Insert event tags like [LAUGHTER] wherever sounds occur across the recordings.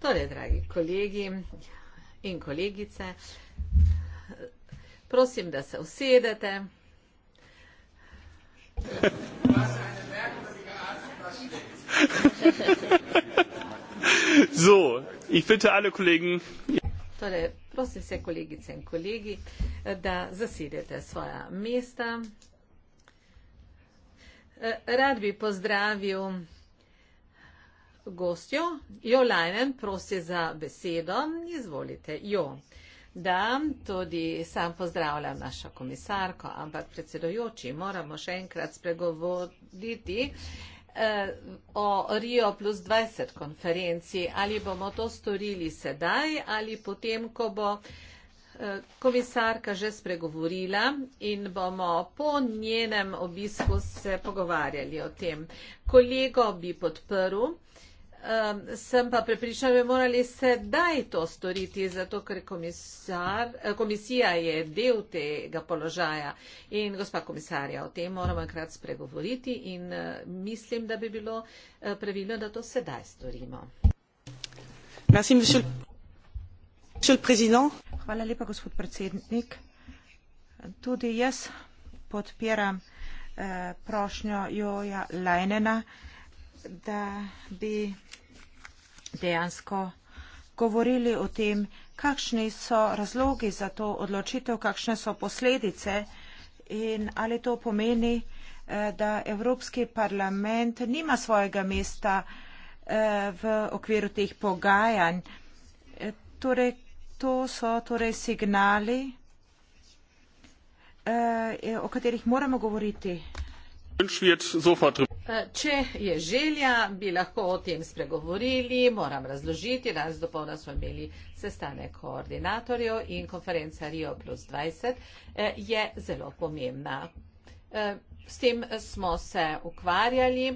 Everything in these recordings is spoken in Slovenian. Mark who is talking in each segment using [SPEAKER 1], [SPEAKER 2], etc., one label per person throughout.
[SPEAKER 1] Torej, dragi kolegi in kolegice, prosim, da se usedete. [LAUGHS]
[SPEAKER 2] So, ich bitte alle Kollegen.
[SPEAKER 1] Torej, prosim vse kolegice in kolegi, da zasedete svoja mesta. Rad bi pozdravil gostjo. Jo Lajnen, prosim za besedo. Izvolite, jo. Da, tudi sam pozdravljam našo komisarko, ampak predsedojoči moramo še enkrat spregovoriti eh, o Rio plus 20 konferenciji. Ali bomo to storili sedaj ali potem, ko bo eh, komisarka že spregovorila in bomo po njenem obisku se pogovarjali o tem. Kolego bi podprl. Um, sem pa prepričana, da bi morali sedaj to storiti, zato ker eh, komisija je del tega položaja. In gospa komisarja, o tem moramo enkrat spregovoriti in uh, mislim, da bi bilo uh, pravilno, da to sedaj storimo.
[SPEAKER 3] Merci, monsieur, monsieur Hvala lepa, gospod predsednik. Tudi jaz podpiram uh, prošnjo Joja Lajnena. Uh, da bi dejansko govorili o tem, kakšni so razlogi za to odločitev, kakšne so posledice in ali to pomeni, eh, da Evropski parlament nima svojega mesta eh, v okviru teh pogajanj. Eh, torej, to so torej signali, o katerih moramo govoriti
[SPEAKER 2] Eh,
[SPEAKER 1] če je želja, bi lahko o tem spregovorili. Moram razložiti, danes do povna smo imeli sestanek koordinatorjev in konferenca Rio plus 20 eh, je zelo pomembna. Eh, s tem smo se ukvarjali.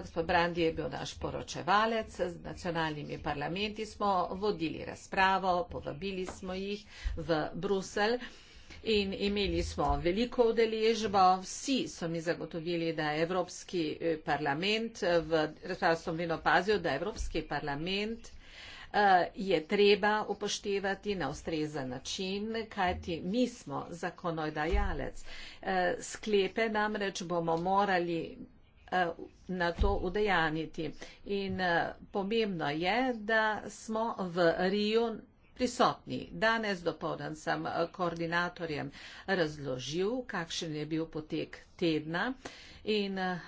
[SPEAKER 1] Gospod Brandi je bil naš poročevalec, z nacionalnimi parlamenti smo vodili razpravo, povabili smo jih v Bruselj in imeli smo veliko udeležbo. Vsi so mi zagotovili, da je Evropski eh, parlament, eh, v razpravi sem vedno opazil, da je Evropski parlament eh, je treba upoštevati na ustrezen način, kajti mi smo zakonodajalec. Sklepe namreč bomo morali na to udejaniti. In pomembno je, da smo v Riju prisotni. Danes dopoldan sem eh, koordinatorjem razložil, kakšen je bil potek tedna in eh,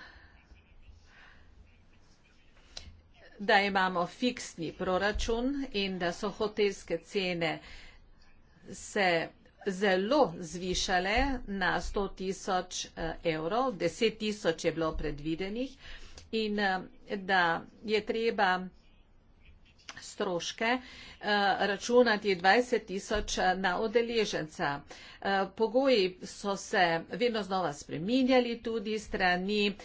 [SPEAKER 1] da imamo fiksni proračun in da so hotelske cene se zelo zvišale na 100 tisoč eh, evrov, 10 tisoč je bilo predvidenih in da je treba stroške eh, računati 20 tisoč eh, na odeleženca. Eh, pogoji so se vedno znova spreminjali tudi strani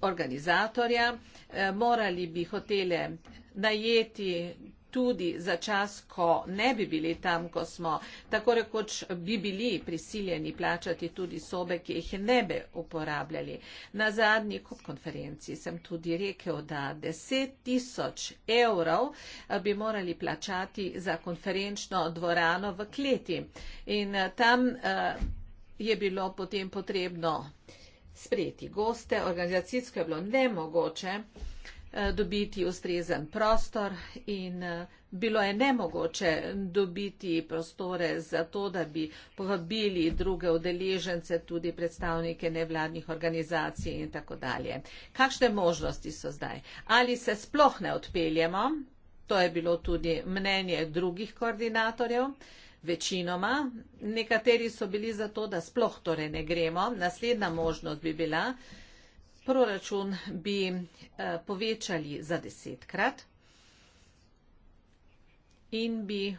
[SPEAKER 1] organizatorja. Morali bi hotele najeti tudi za čas, ko ne bi bili tam, ko smo, tako rekoč bi bili prisiljeni plačati tudi sobe, ki jih ne bi uporabljali. Na zadnji kup konferenciji sem tudi rekel, da 10 tisoč evrov eh, bi morali plačati za konferenčno dvorano v kleti. In eh, tam eh, je bilo potem potrebno sprejeti goste, organizacijsko je bilo nemogoče, Eh, dobiti ustrezen prostor in eh, bilo je nemogoče dobiti prostore za to, da bi povabili druge udeležence, tudi predstavnike nevladnih organizacij in tako dalje. Kakšne možnosti so zdaj? Ali se sploh ne odpeljemo? To je bilo tudi mnenje drugih koordinatorjev. Večinoma, nekateri so bili za to, da sploh torej ne gremo. Naslednja možnost bi bila, proračun bi eh, povečali za desetkrat in bi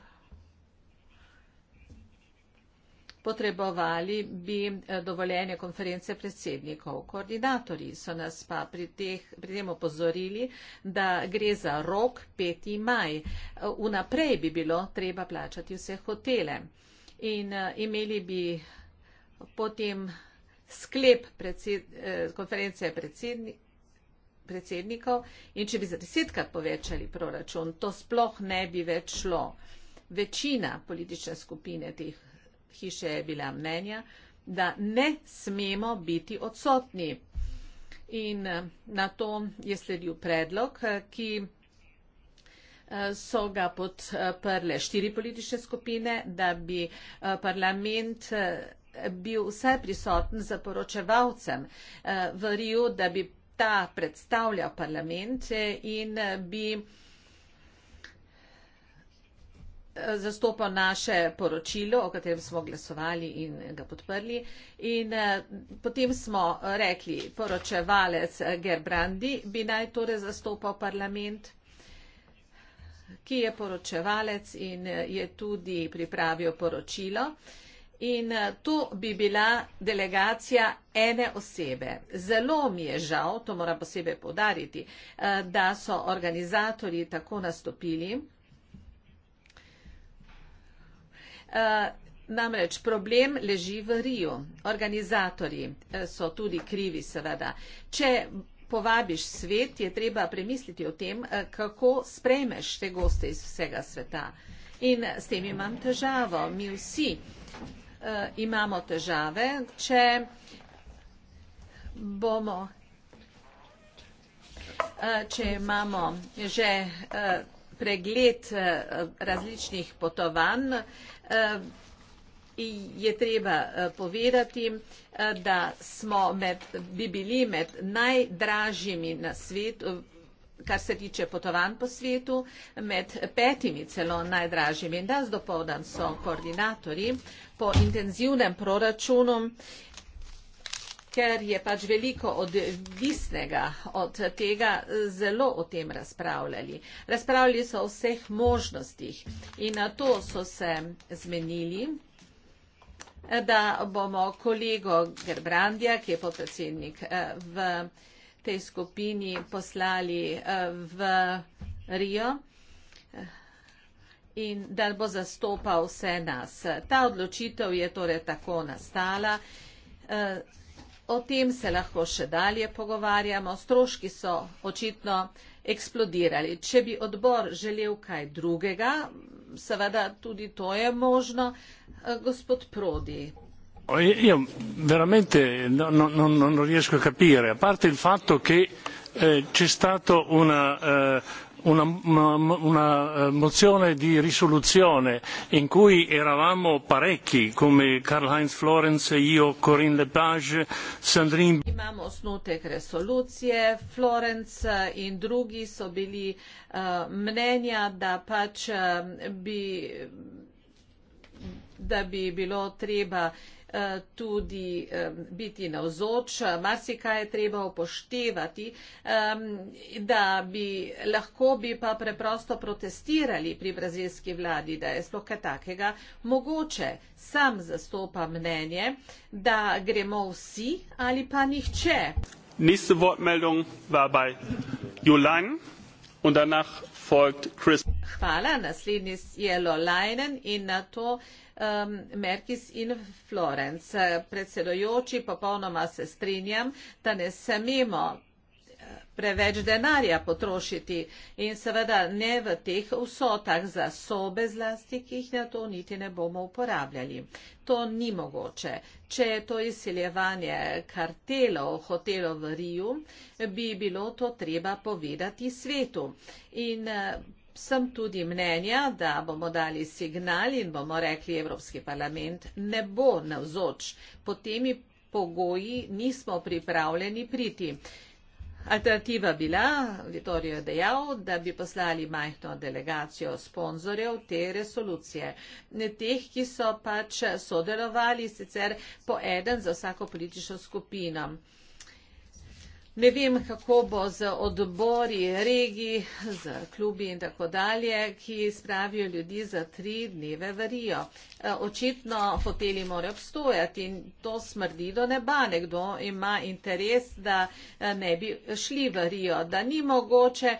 [SPEAKER 1] potrebovali bi eh, dovoljenje konference predsednikov. Koordinatorji so nas pa pri, teh, pri tem opozorili, da gre za rok 5. maj. Eh, vnaprej bi bilo treba plačati vse hotele in imeli bi potem sklep predsed, eh, konference predsedni, predsednikov in če bi za desetkrat povečali proračun, to sploh ne bi več šlo. Večina politične skupine teh hiše je bila mnenja, da ne smemo biti odsotni. In eh, na to je sledil predlog, ki eh, so ga podprle štiri politične skupine, da bi eh, parlament bil vse prisoten za poročevalcem eh, v Riju, da bi ta predstavljal parlament eh, in eh, bi zastopal naše poročilo, o katerem smo glasovali in ga podprli. In potem smo rekli, poročevalec Gerbrandi bi naj torej zastopal parlament ki je poročevalec in je tudi pripravil poročilo. Uh, In eh, to bi bila delegacija ene osebe. Zelo mi je žal, to moram posebej povdariti, eh, da so organizatorji tako nastopili. Eh, namreč problem leži v Riju. Organizatorji so tudi krivi, seveda. Če povabiš svet, je treba premisliti o tem, kako sprejmeš te goste iz vsega sveta. In s tem imam težavo. Mi vsi uh, imamo težave. Če bomo, uh, če imamo že uh, pregled uh, različnih potovanj, uh, je treba uh, povedati, uh, da smo med, bi bili med najdražjimi na svetu. Uh, kar se tiče potovanj po svetu, med petimi celo najdražjimi. In da zdopovdan so koordinatorji po intenzivnem proračunu, ker je pač veliko odvisnega od tega, zelo o tem razpravljali. Razpravljali so o vseh možnostih in na to so se zmenili da bomo kolego Gerbrandija, ki je podpredsednik eh, v tej skupini poslali eh, v Rio eh, in da bo zastopal vse nas. Ta odločitev je torej tako nastala. Eh, o tem se lahko še dalje pogovarjamo. Stroški so očitno eksplodirali. Če bi odbor želel kaj drugega, seveda tudi to je možno. Gospod Prodi, Oh, io veramente no no, no, no, non riesco a capire, a parte il fatto che eh, c'è stata una, eh, una, una, una eh, mozione di risoluzione in cui eravamo parecchi, come Karl-Heinz Florence, io,
[SPEAKER 2] Corinne Lepage, Sandrine.
[SPEAKER 1] Abbiamo snutek risoluzione, Florence e drugi sono bili uh, mnenja da pač uh, bi da bi bilo treba uh, Eh, tudi biti navzoč, marsikaj je treba upoštevati, da bi lahko bi pa preprosto protestirali pri brazilski vladi, da je sploh kaj takega mogoče. Sam zastopa mnenje, da gremo vsi ali pa nihče.
[SPEAKER 2] Nächste Wortmeldung war bei Jolang und danach folgt Chris.
[SPEAKER 1] Hvala, naslednji je Lolainen in nato to um, Merkis in Florenc. Predsedojoči, popolnoma se strinjam, da ne smemo uh, preveč denarja potrošiti in seveda ne v teh vsotah za sobe zlasti, ki jih na to niti ne bomo uporabljali. To ni mogoče. Če je to izseljevanje kartelov, hotelov v Riju, bi bilo to treba povedati svetu. In uh, sem tudi mnenja, da bomo dali signal in bomo rekli, Evropski parlament ne bo navzoč. Po temi pogoji nismo pripravljeni priti. Alternativa bila, Vitorijo je dejal, da bi poslali majhno delegacijo sponzorjev te resolucije. Ne teh, ki so pač sodelovali, sicer po eden za vsako politično skupino. Ne vem, kako bo z odbori regij, z klubi in tako dalje, ki spravijo ljudi za tri dneve varijo. E, očitno hoteli morajo obstojati in to smrdi do neba. Nekdo ima interes, da e, ne bi šli varijo, da ni mogoče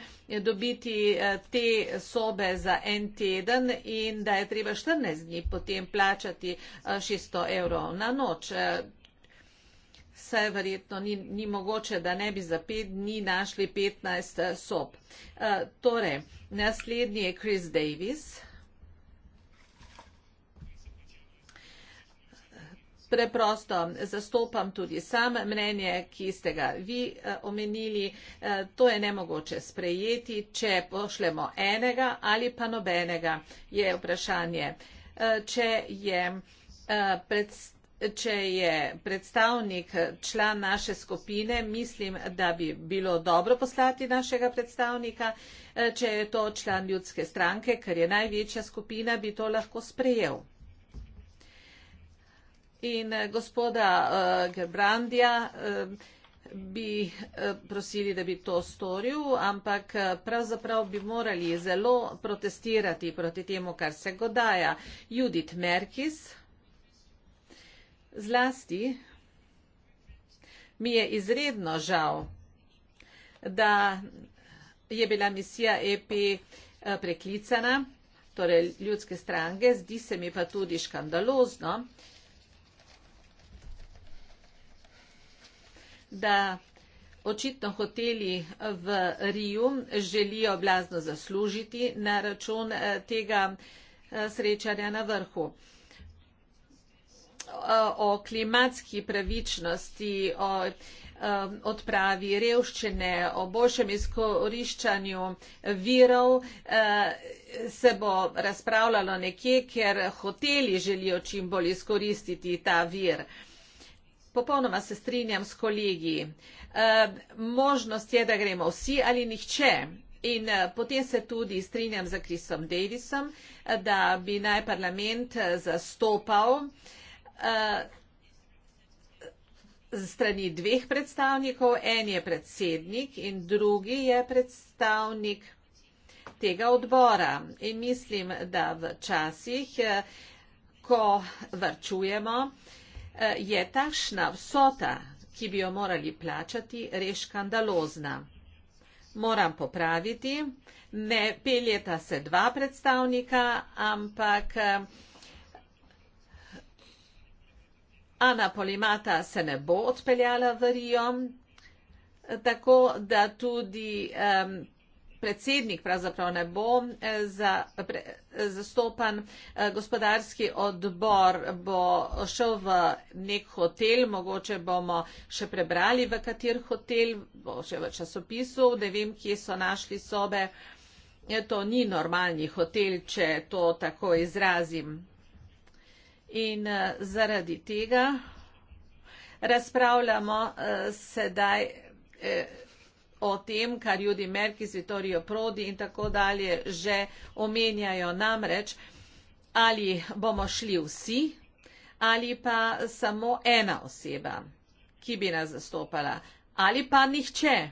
[SPEAKER 1] dobiti e, te sobe za en teden in da je treba 14 dni potem plačati 600 evrov na noč. Vse verjetno ni, ni mogoče, da ne bi za pet dni našli 15 eh, sob. Uh, torej, naslednji je Chris Davis. Preprosto zastopam tudi sam mnenje, ki ste ga vi eh, omenili. To je nemogoče sprejeti, če pošljemo enega ali pa nobenega, je vprašanje. Če je predstavljeno če je predstavnik član naše skupine, mislim, da bi bilo dobro poslati našega predstavnika. Če je to član ljudske stranke, ker je največja skupina, bi to lahko sprejel. In eh, gospoda eh, Gerbrandija eh, bi prosili, da bi to storil, ampak pravzaprav bi morali zelo protestirati proti temu, kar se godaja. Judith Merkis zlasti mi je izredno žal, da je bila misija EP eh, preklicana, torej ljudske stranke, zdi se mi pa tudi škandalozno, da očitno hoteli v Riju želijo blazno zaslužiti na račun eh, tega eh, srečanja na vrhu o klimatski pravičnosti, o odpravi revščine, o boljšem izkoriščanju virov, eh, se bo razpravljalo nekje, ker hoteli želijo čim bolj izkoristiti ta vir. Popolnoma se strinjam s kolegi. Možnost je, da gremo vsi ali nihče. In eh, potem se tudi strinjam za Krisom Davisom, eh, da bi naj parlament zastopal Eh, strani dveh predstavnikov, en je predsednik in drugi je predstavnik tega odbora. In mislim, da v časih, eh, ko vrčujemo, eh, je takšna vsota, ki bi jo morali plačati, res škandalozna. Moram popraviti, ne peljeta se dva predstavnika, ampak Ana Polimata se ne bo odpeljala v Rijo, tako da tudi um, predsednik pravzaprav ne bo eh, za, pre, zastopan. Eh, gospodarski odbor bo šel v nek hotel, mogoče bomo še prebrali, v kater hotel, bo še v časopisu, ne vem, kje so našli sobe. Ja, to ni normalni hotel, če to tako izrazim. In eh, zaradi tega razpravljamo eh, sedaj eh, o tem, kar Judy Merkis, Vittorio Prodi in tako dalje že omenjajo namreč, ali bomo šli vsi ali pa samo ena oseba, ki bi nas zastopala ali pa nihče.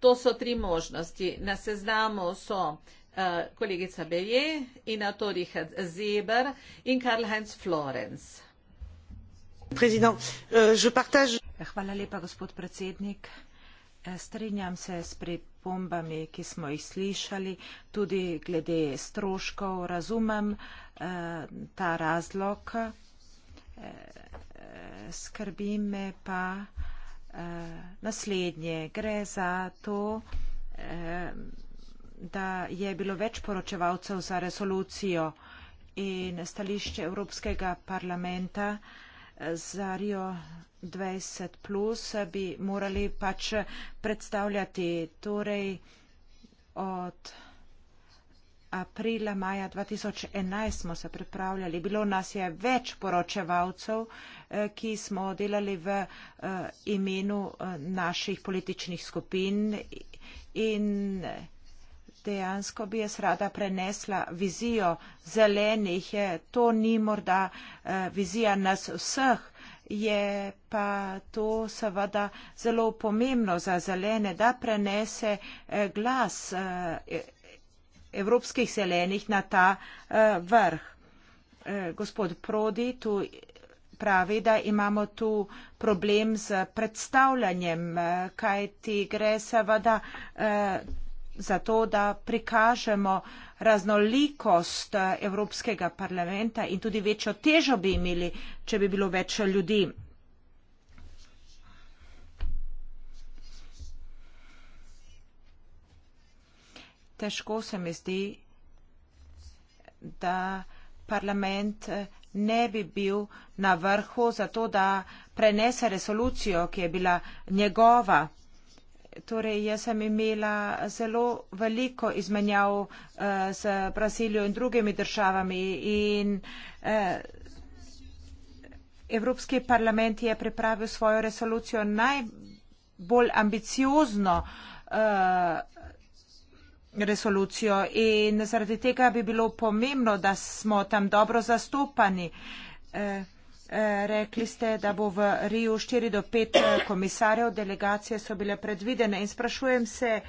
[SPEAKER 1] To so tri možnosti. Na seznamu so uh, Eh, kolegica Beje, Ina Torihad Zeber in Karl Heinz Florenz.
[SPEAKER 3] Eh, ja, hvala lepa, gospod predsednik. Eh, strinjam se s pripombami, ki smo jih slišali, tudi glede stroškov. Razumem ta razlog, skrbi me pa naslednje. Gre za to, da je bilo več poročevalcev za resolucijo in stališče Evropskega parlamenta eh, za Rio 20 plus eh, bi morali pač predstavljati. Torej od aprila, maja 2011 smo se pripravljali. Bilo nas je več poročevalcev, eh, ki smo delali v imenu naših političnih skupin in dejansko bi jaz rada prenesla vizijo zelenih. To ni morda eh, vizija nas vseh, je pa to seveda zelo pomembno za zelene, da prenese eh, glas eh, evropskih zelenih na ta vrh. Gospod Prodi tu pravi, da imamo tu problem z predstavljanjem, kaj ti gre seveda zato, da prikažemo raznolikost eh, Evropskega parlamenta in tudi večjo težo bi imeli, če bi bilo več ljudi. Težko se mi zdi, da parlament eh, ne bi bil na vrhu zato, da prenese resolucijo, ki je bila njegova. Torej, jaz sem imela zelo veliko izmenjav uh, s Brazilijo in drugimi državami in uh, Evropski parlament je pripravil svojo resolucijo najbolj ambiciozno uh, resolucijo in zaradi tega bi bilo pomembno, da smo tam dobro zastopani. Uh, Eh, rekli ste, da bo v Riju 4 do 5 eh, komisarjev, delegacije so bile predvidene in sprašujem se,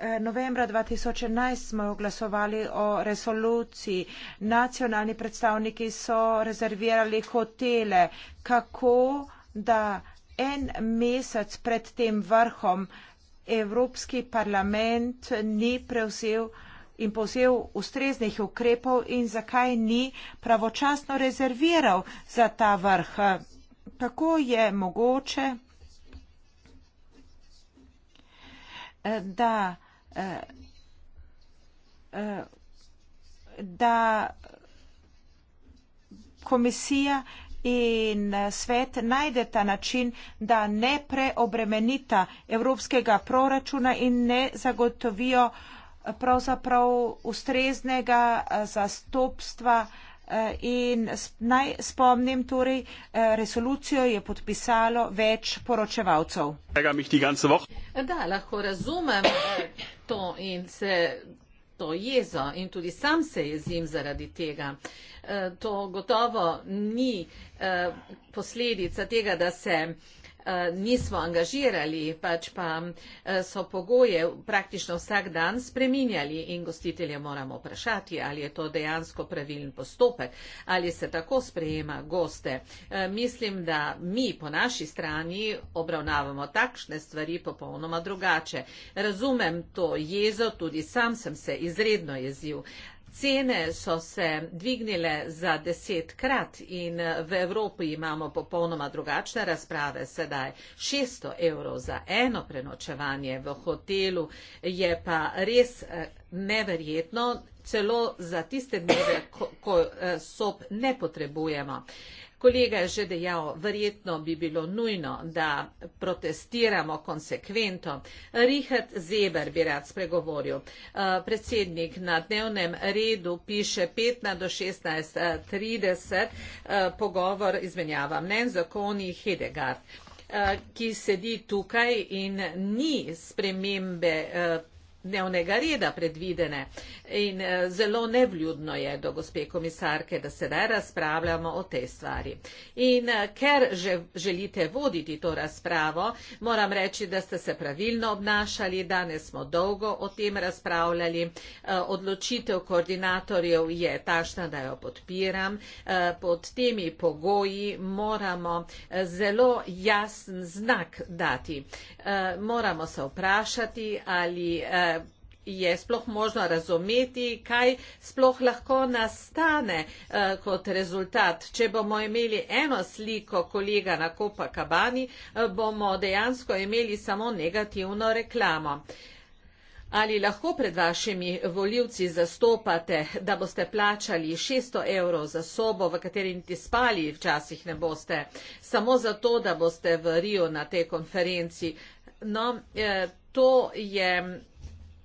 [SPEAKER 3] eh, novembra 2011 smo glasovali o resoluciji, nacionalni predstavniki so rezervirali hotele, kako da en mesec pred tem vrhom Evropski parlament ni prevzel in povzel ustreznih ukrepov in zakaj ni pravočasno rezerviral za ta vrh. Kako je mogoče, da, da komisija in svet najdeta način, da ne preobremenita evropskega proračuna in ne zagotovijo uh, pravzaprav ustreznega eh, zastopstva eh, in naj spomnim torej, eh, resolucijo je podpisalo več poročevalcev. Da,
[SPEAKER 1] lahko razumem to in se to jezo in tudi sam se jezim zaradi tega. To gotovo ni posledica tega, da se Eh, nismo angažirali, pač pa eh, so pogoje praktično vsak dan spreminjali in gostitelje moramo vprašati, ali je to dejansko pravilen postopek, ali se tako sprejema goste. Eh, mislim, da mi po naši strani obravnavamo takšne stvari popolnoma drugače. Razumem to jezo, tudi sam sem se izredno jezil. Cene so se dvignile za desetkrat in eh, v Evropi imamo popolnoma drugačne razprave. Sedaj 600 evrov za eno prenočevanje v hotelu je pa res eh, neverjetno, celo za tiste dneve, ko, ko eh, sob ne potrebujemo. Kolega je že dejal, verjetno bi bilo nujno, da protestiramo konsekvento. Richard Zeber bi rad spregovoril. Eh, predsednik na dnevnem redu piše 15 do 16.30 eh, eh, pogovor izmenjava mnen zakoni Hedegard, ki sedi tukaj in ni spremembe dnevnega reda predvidene. In eh, zelo nevljudno je do gospe komisarke, da sedaj razpravljamo o tej stvari. In eh, ker že želite voditi to razpravo, moram reči, da ste se pravilno obnašali, danes smo dolgo o tem razpravljali. Eh, odločitev koordinatorjev je tašna, da jo podpiram. Pod temi pogoji moramo zelo jasen znak dati. Moramo se vprašati, ali je sploh možno razumeti, kaj sploh lahko nastane eh, kot rezultat. Če bomo imeli eno sliko kolega na Kopa Kabani, eh, bomo dejansko imeli samo negativno reklamo. Ali lahko pred vašimi voljivci zastopate, da boste plačali 600 evrov za sobo, v kateri niti spali včasih ne boste, samo zato, da boste v Rio na tej konferenci? No, eh, to je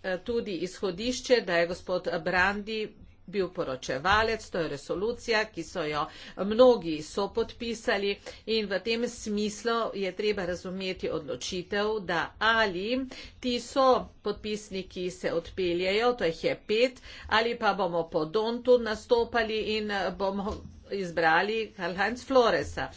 [SPEAKER 1] Eh, tudi izhodišče, da je gospod Brandi bil poročevalec, to je resolucija, ki so jo mnogi so podpisali in v tem smislu je treba razumeti odločitev, da ali ti so podpisniki se odpeljajo, to jih je pet, ali pa bomo po Dontu nastopali in eh, bomo izbrali Karl-Heinz Floresa.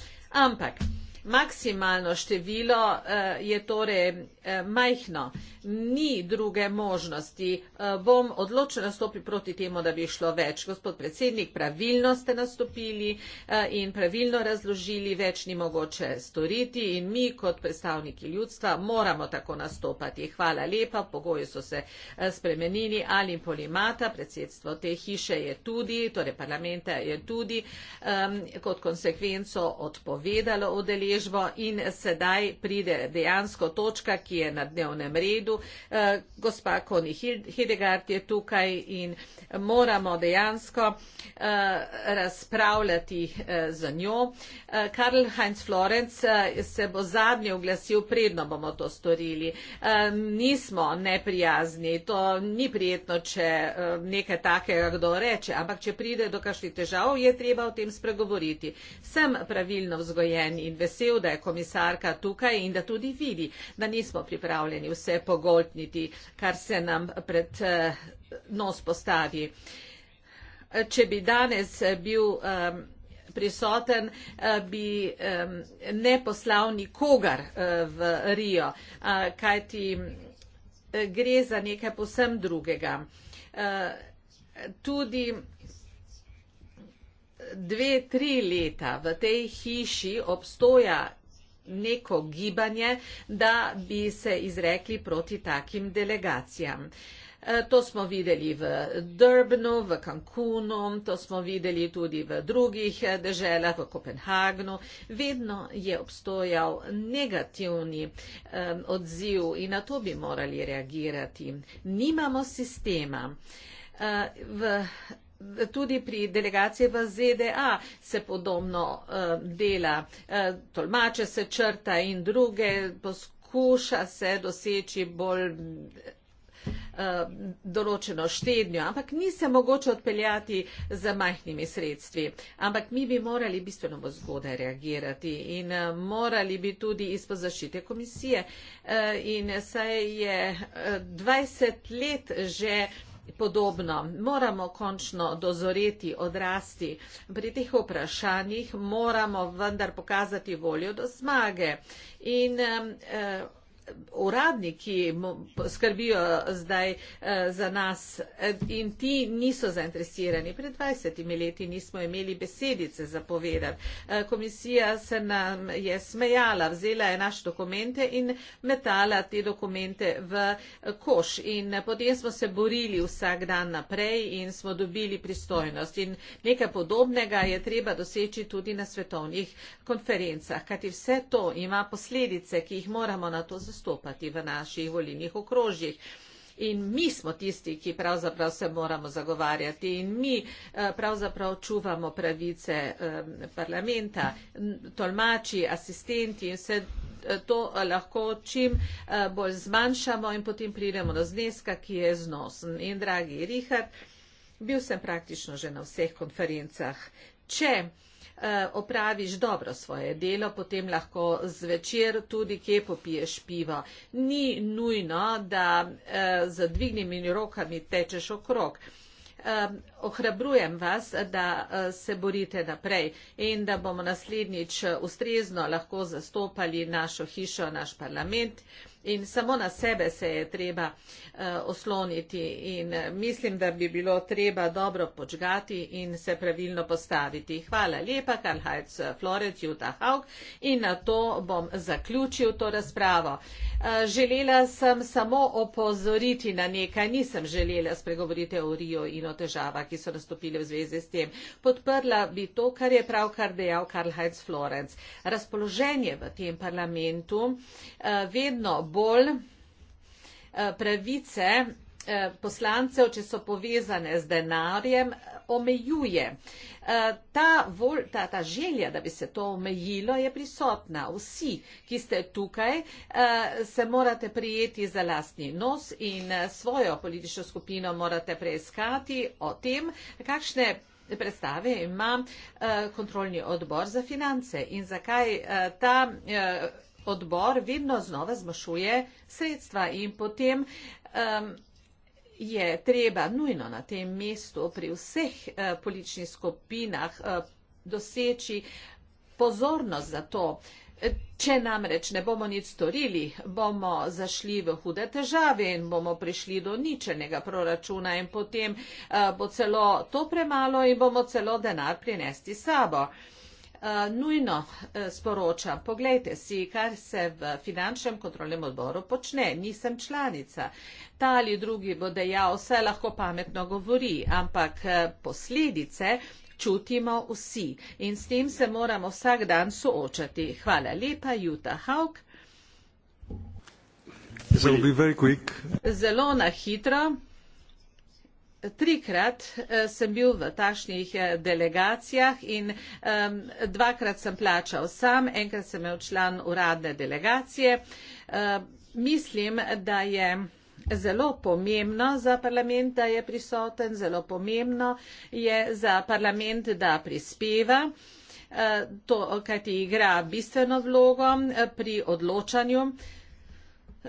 [SPEAKER 1] Ampak maksimalno število eh, je torej Eh, majhno, ni druge možnosti, eh, bom odločena stopiti proti temu, da bi šlo več. Gospod predsednik, pravilno ste nastopili eh, in pravilno razložili, več ni mogoče storiti in mi kot predstavniki ljudstva moramo tako nastopati. Hvala lepa, pogoji so se spremenili ali in polimata, predsedstvo te hiše je tudi, torej parlamenta je tudi kot konsekvenco odpovedalo odeležbo in sedaj pride dejansko točka, ki ki je na dnevnem redu. Eh, gospa Koni Hidegard je tukaj in moramo dejansko eh, razpravljati eh, z njo. Karl Heinz Florenc se bo zadnji oglasil, predno bomo to storili. Nismo neprijazni, to ni prijetno, če nekaj takega kdo reče, ampak če pride do kašnih težav, je treba o tem spregovoriti. Sem pravilno vzgojen in vesel, da je komisarka tukaj in da tudi vidi, da nismo pripravljeni vse pogoltniti, kar se nam pred eh, nos postavi. Eh, če bi danes eh, bil prisoten, bi ne poslal nikogar v Rio, kajti gre za nekaj posem drugega. Tudi dve, tri leta v tej hiši obstoja neko gibanje, da bi se izrekli proti takim delegacijam. E, to smo videli v Durbnu, v Cancunu, to smo videli tudi v drugih e, deželah, v Kopenhagnu. Vedno je obstojal negativni e, odziv in na to bi morali reagirati. Nimamo sistema. V tudi pri delegaciji v ZDA se podobno eh, dela. Eh, tolmače se črta in druge, poskuša se doseči bolj eh, določeno štednjo, ampak ni se mogoče odpeljati z majhnimi sredstvi. Ampak mi bi morali bistveno bolj zgodaj reagirati in morali bi tudi izpod zaščite komisije. In saj je 20 let že podobno. Moramo končno dozoreti, odrasti. Pri teh vprašanjih moramo vendar pokazati voljo do zmage. In, eh, eh, uradni, ki skrbijo zdaj eh, za nas eh, in ti niso zainteresirani. Pred 20 leti nismo imeli besedice za povedati. Eh, komisija se nam je smejala, vzela je naše dokumente in metala te dokumente v koš. In potem smo se borili vsak dan naprej in smo dobili pristojnost. In nekaj podobnega je treba doseči tudi na svetovnih konferencah, kajti vse to ima posledice, ki jih moramo na to zasedati zastopati v naših volilnih okrožjih. In mi smo tisti, ki pravzaprav se moramo zagovarjati in mi eh, pravzaprav čuvamo pravice eh, parlamenta, tolmači, asistenti in vse eh, to lahko čim bolj zmanjšamo in potem pridemo do zneska, ki je znosen. In dragi Richard, bil sem praktično že na vseh konferencah. Če Eh, opraviš dobro svoje delo, potem lahko zvečer tudi kje popiješ pivo. Ni nujno, da eh, z dvignjenimi rokami tečeš okrog. Eh, ohrabrujem vas, da se borite naprej in da bomo naslednjič ustrezno lahko zastopali našo hišo, naš parlament in samo na sebe se je treba eh, osloniti in eh, mislim, da bi bilo treba dobro počgati in se pravilno postaviti. Hvala lepa, Karl-Heinz Florec, Juta Haug in na to bom zaključil to razpravo. Eh, želela sem samo opozoriti na nekaj, nisem želela spregovoriti o Rio in o težavah, ki so nastopile v zvezi s tem. Podprla bi to, kar je pravkar dejal Karl-Heinz Florenc. Razpoloženje v tem parlamentu vedno bolj eh, pravice eh, poslancev, če so povezane z denarjem, omejuje. Eh, ta, vol, ta, ta želja, da bi se to omejilo, je prisotna. Vsi, ki ste tukaj, se morate prijeti za lastni nos in svojo politično skupino morate preiskati o tem, kakšne predstave ima kontrolni odbor za finance in zakaj ta odbor vedno znova zmašuje sredstva in potem um, je treba nujno na tem mestu pri vseh uh, političnih skupinah uh, doseči pozornost za to. Če namreč ne bomo nič storili, bomo zašli v hude težave in bomo prišli do ničenega proračuna in potem uh, bo celo to premalo in bomo celo denar prinesti sabo. Uh, Eh, nujno eh, sporoča, poglejte si, kar se v finančnem kontrolnem odboru počne, nisem članica. Ta ali drugi bo dejal, vse lahko pametno govori, ampak eh, posledice čutimo vsi in s tem se moramo vsak dan soočati. Hvala lepa, Juta Hauk. Zelo na hitro trikrat eh, sem bil v takšnih eh, delegacijah in um, dvakrat sem plačal sam, enkrat sem imel član uradne delegacije. Uh, mislim, da je zelo pomembno za parlament, da je prisoten, zelo pomembno je za parlament, da prispeva. To, kaj ti igra bistveno vlogo pri odločanju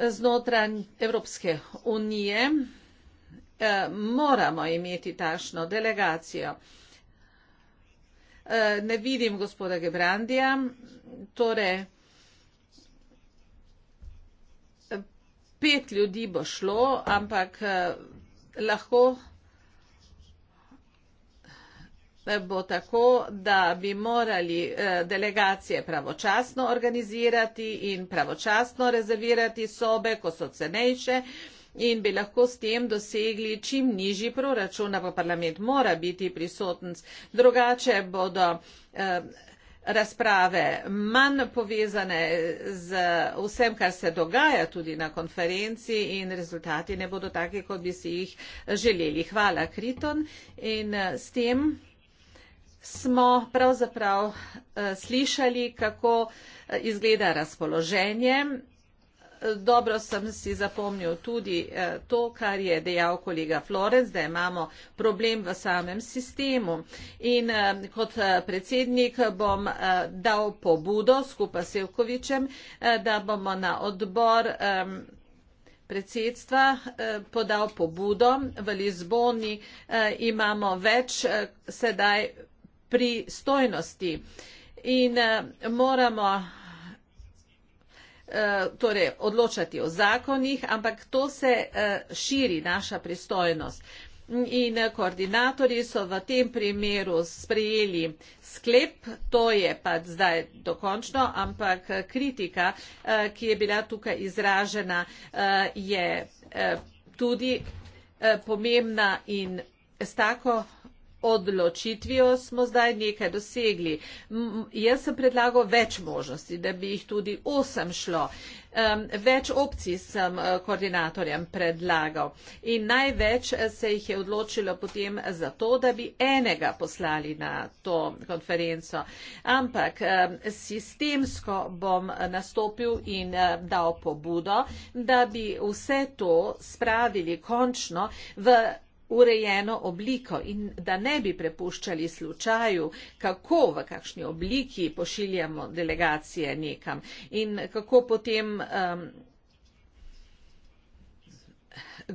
[SPEAKER 1] znotraj Evropske unije. E, moramo imeti tašno delegacijo. E, ne vidim gospoda Gebrandija, torej e, pet ljudi bo šlo, ampak lahko bo tako, da bi morali delegacije pravočasno organizirati in pravočasno rezervirati sobe, ko so cenejše in bi lahko s tem dosegli čim nižji proračun, pa parlament mora biti prisoten. Drugače bodo eh, razprave manj povezane z vsem, kar se dogaja tudi na konferenci in rezultati ne bodo take, kot bi si jih želeli. Hvala, Kriton. In eh, s tem smo pravzaprav eh, slišali, kako izgleda razpoloženje dobro sem si zapomnil tudi eh, to, kar je dejal kolega Florenc, da imamo problem v samem sistemu. In eh, kot eh, predsednik bom dal pobudo skupaj s Sevkovičem, da bomo na odbor predsedstva podal pobudo. V Lizboni imamo več sedaj pristojnosti. In moramo Eh, torej odločati o zakonih, ampak to se eh, širi naša pristojnost. In eh, koordinatorji so v tem primeru sprejeli sklep, to je pa zdaj dokončno, ampak kritika, ki je bila tukaj izražena, je tudi pomembna in s tako odločitvijo smo zdaj nekaj dosegli. Jaz sem predlagal več možnosti, da bi jih tudi osem šlo. Več opcij sem eh, koordinatorjem predlagal in največ eh, se jih je odločilo potem za to, da bi enega poslali na to konferenco. Ampak sistemsko bom eh, nastopil in dal pobudo, da bi vse to spravili končno v urejeno obliko in da ne bi prepuščali slučaju, kako v kakšni obliki pošiljamo delegacije nekam in kako potem um,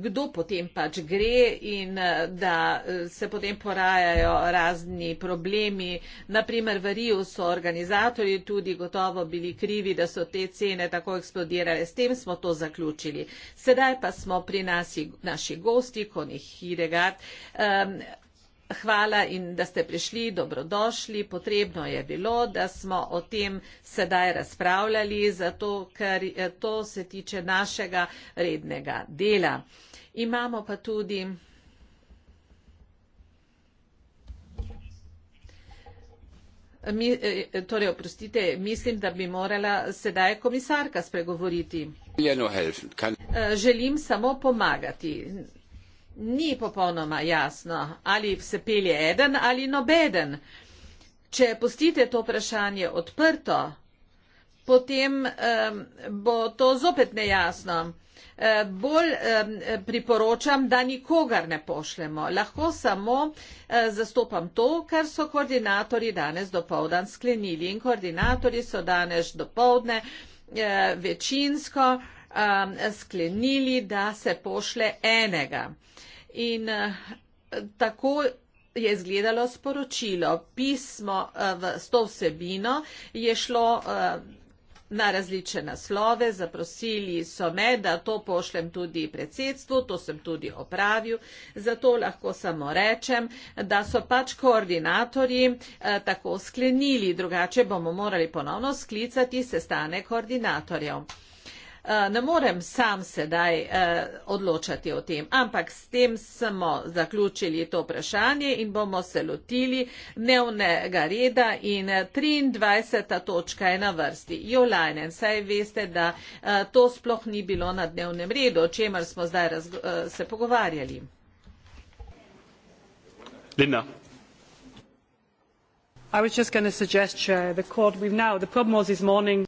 [SPEAKER 1] kdo potem pač gre in eh, da eh, se potem porajajo razni problemi. Naprimer v Riju so organizatorji tudi gotovo bili krivi, da so te cene tako eksplodirale. S tem smo to zaključili. Sedaj pa smo pri nas, naši gosti, konih Hidegard. Um, hvala in da ste prišli, dobrodošli. Potrebno je bilo, da smo o tem sedaj razpravljali, zato ker eh, to se tiče našega rednega dela. Imamo pa tudi. Mi, eh, torej, oprostite, mislim, da bi morala sedaj komisarka spregovoriti.
[SPEAKER 2] Ja, no, eh,
[SPEAKER 1] želim samo pomagati ni popolnoma jasno, ali se pelje eden ali nobeden. Če pustite to vprašanje odprto, potem um, bo to zopet nejasno. Bolj um, priporočam, da nikogar ne pošljemo. Lahko samo uh, zastopam to, kar so koordinatori danes dopovdan sklenili. In koordinatori so danes dopovdne uh, eh, večinsko um, sklenili, da se pošle enega. In uh, tako je izgledalo sporočilo. Pismo uh, v, s to vsebino je šlo. Uh, na različne naslove, zaprosili so me, da to pošljem tudi predsedstvu, to sem tudi opravil, zato lahko samo rečem, da so pač koordinatorji eh, tako sklenili, drugače bomo morali ponovno sklicati sestane koordinatorjev. Eh, ne morem sam sedaj eh, odločati o tem, ampak s tem smo zaključili to vprašanje in bomo se lotili dnevnega reda in 23. Eh, točka je na vrsti. Jolajnen, saj veste, da to sploh ni bilo na dnevnem redu, o čemer smo zdaj se pogovarjali. Linda. I was just going to suggest, Chair, the court, we've now, the problem was this
[SPEAKER 2] morning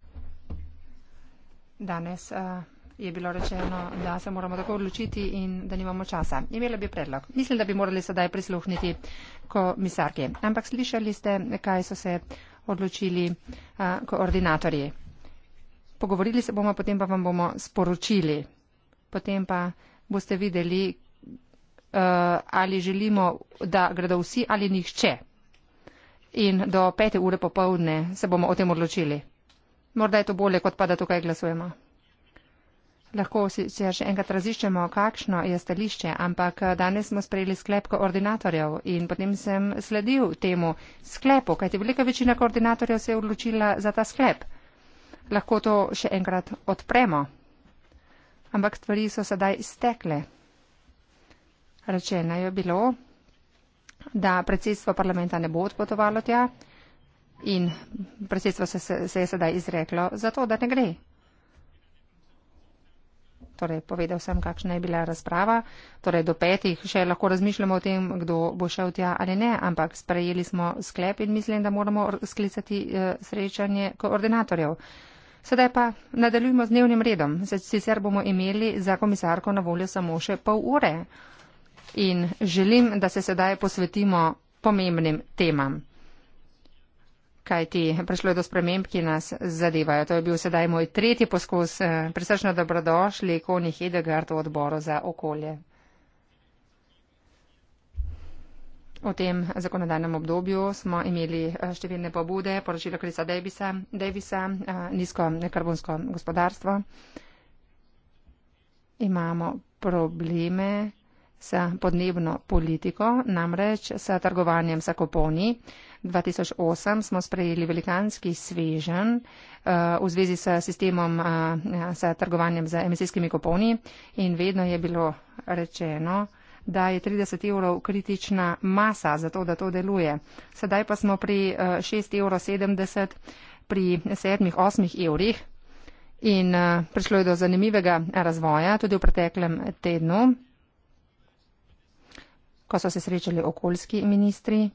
[SPEAKER 2] danes uh, je bilo rečeno, da se moramo tako odločiti in da nimamo časa. Imela bi predlog. Mislim, da bi morali sedaj prisluhniti komisarki. Ampak slišali ste, kaj so se odločili uh, koordinatorji. Pogovorili se bomo, potem pa vam bomo sporočili. Potem pa boste videli, uh, ali želimo, da gredo vsi ali nihče. In do pete ure popovdne se bomo o tem odločili. Morda je to bolje, kot pa da tukaj glasujemo. Lahko si še enkrat raziščemo, kakšno je stališče, ampak eh, danes smo sprejeli sklep koordinatorjev in potem sem sledil temu sklepu, kajti velika večina koordinatorjev se je odločila za ta sklep. Lahko to še enkrat odpremo. Ampak stvari so sedaj iztekle. Rečeno je bilo, da predsedstvo parlamenta ne bo odpotovalo tja, in predsedstvo se, se, se je sedaj izreklo za to, da ne gre. Torej, povedal sem, kakšna je bila razprava. Torej, do petih še lahko razmišljamo o tem, kdo bo šel tja ali ne, ampak sprejeli smo sklep in mislim, da moramo sklicati eh, srečanje koordinatorjev. Sedaj pa nadaljujemo z dnevnim redom. Sicer bomo imeli za komisarko na voljo samo še pol ure in želim, da se sedaj posvetimo pomembnim temam kajti prišlo je do sprememb, ki nas zadevajo. To je bil sedaj moj tretji poskus. Eh, prisrčno dobrodošli, Koni Hedegard v odboru za okolje. V tem zakonodajnem obdobju smo imeli eh, številne pobude, poročilo Krisa Davisa, Davisa eh, nizko karbonsko gospodarstvo. Imamo probleme s podnebno politiko, namreč s trgovanjem s kuponi. 2008 smo sprejeli velikanski svežen eh, v zvezi s sistemom, eh, s trgovanjem z emisijskimi kuponi in vedno je bilo rečeno, da je 30 evrov kritična masa za to, da to deluje. Sedaj pa smo pri 6,70 eh, evrov, pri 7-8 evrih in prišlo je do zanimivega razvoja tudi v preteklem tednu ko so se srečali okoljski ministri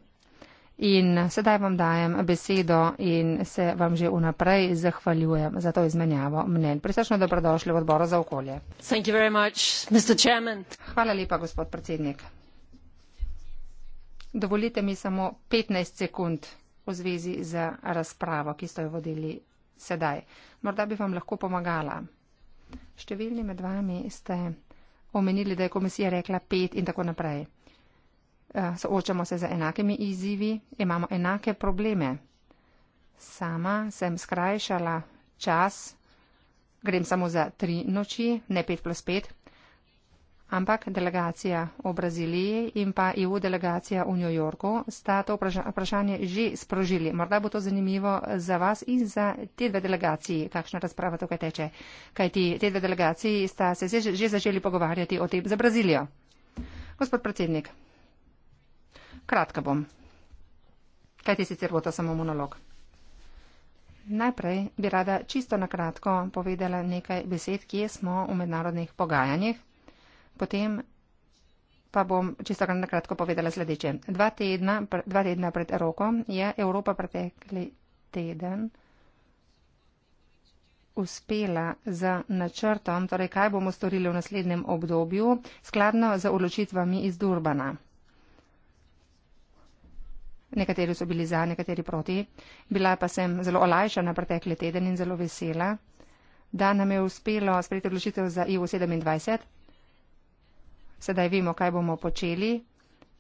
[SPEAKER 2] In sedaj vam dajem besedo in se vam že unaprej zahvaljujem za to izmenjavo mnen. Prisrčno dobrodošli v odboru za okolje. Much, Hvala lepa, gospod predsednik. Dovolite mi samo 15 sekund v zvezi z razpravo, ki ste jo vodili sedaj. Morda bi vam lahko pomagala. Številni med vami ste omenili, da je komisija rekla pet in tako naprej. Eh, soočamo se z enakimi izzivi, imamo enake probleme. Sama sem skrajšala čas, grem samo za tri noči, ne pet plus pet, ampak delegacija v Braziliji in pa EU delegacija v New Yorku sta to vprašanje že sprožili. Morda bo to zanimivo za vas in za te dve delegacije, kakšna razprava tukaj teče, kajti te dve delegacije sta se že, že začeli pogovarjati o tem za Brazilijo. Gospod predsednik, Kratka bom. Kaj ti sicer bo ta samo monolog? Najprej bi rada čisto na kratko povedala nekaj besed, kje smo v mednarodnih pogajanjih. Potem pa bom čisto na kratko povedala sledeče. Dva tedna, dva tedna pred rokom je Evropa pretekli teden uspela z načrtom, torej kaj bomo storili v naslednjem obdobju, skladno z odločitvami iz Durbana nekateri so bili za, nekateri proti. Bila pa sem zelo olajšana pretekli teden in zelo vesela, da nam je uspelo sprejeti odločitev za EU27. Sedaj vemo, kaj bomo počeli.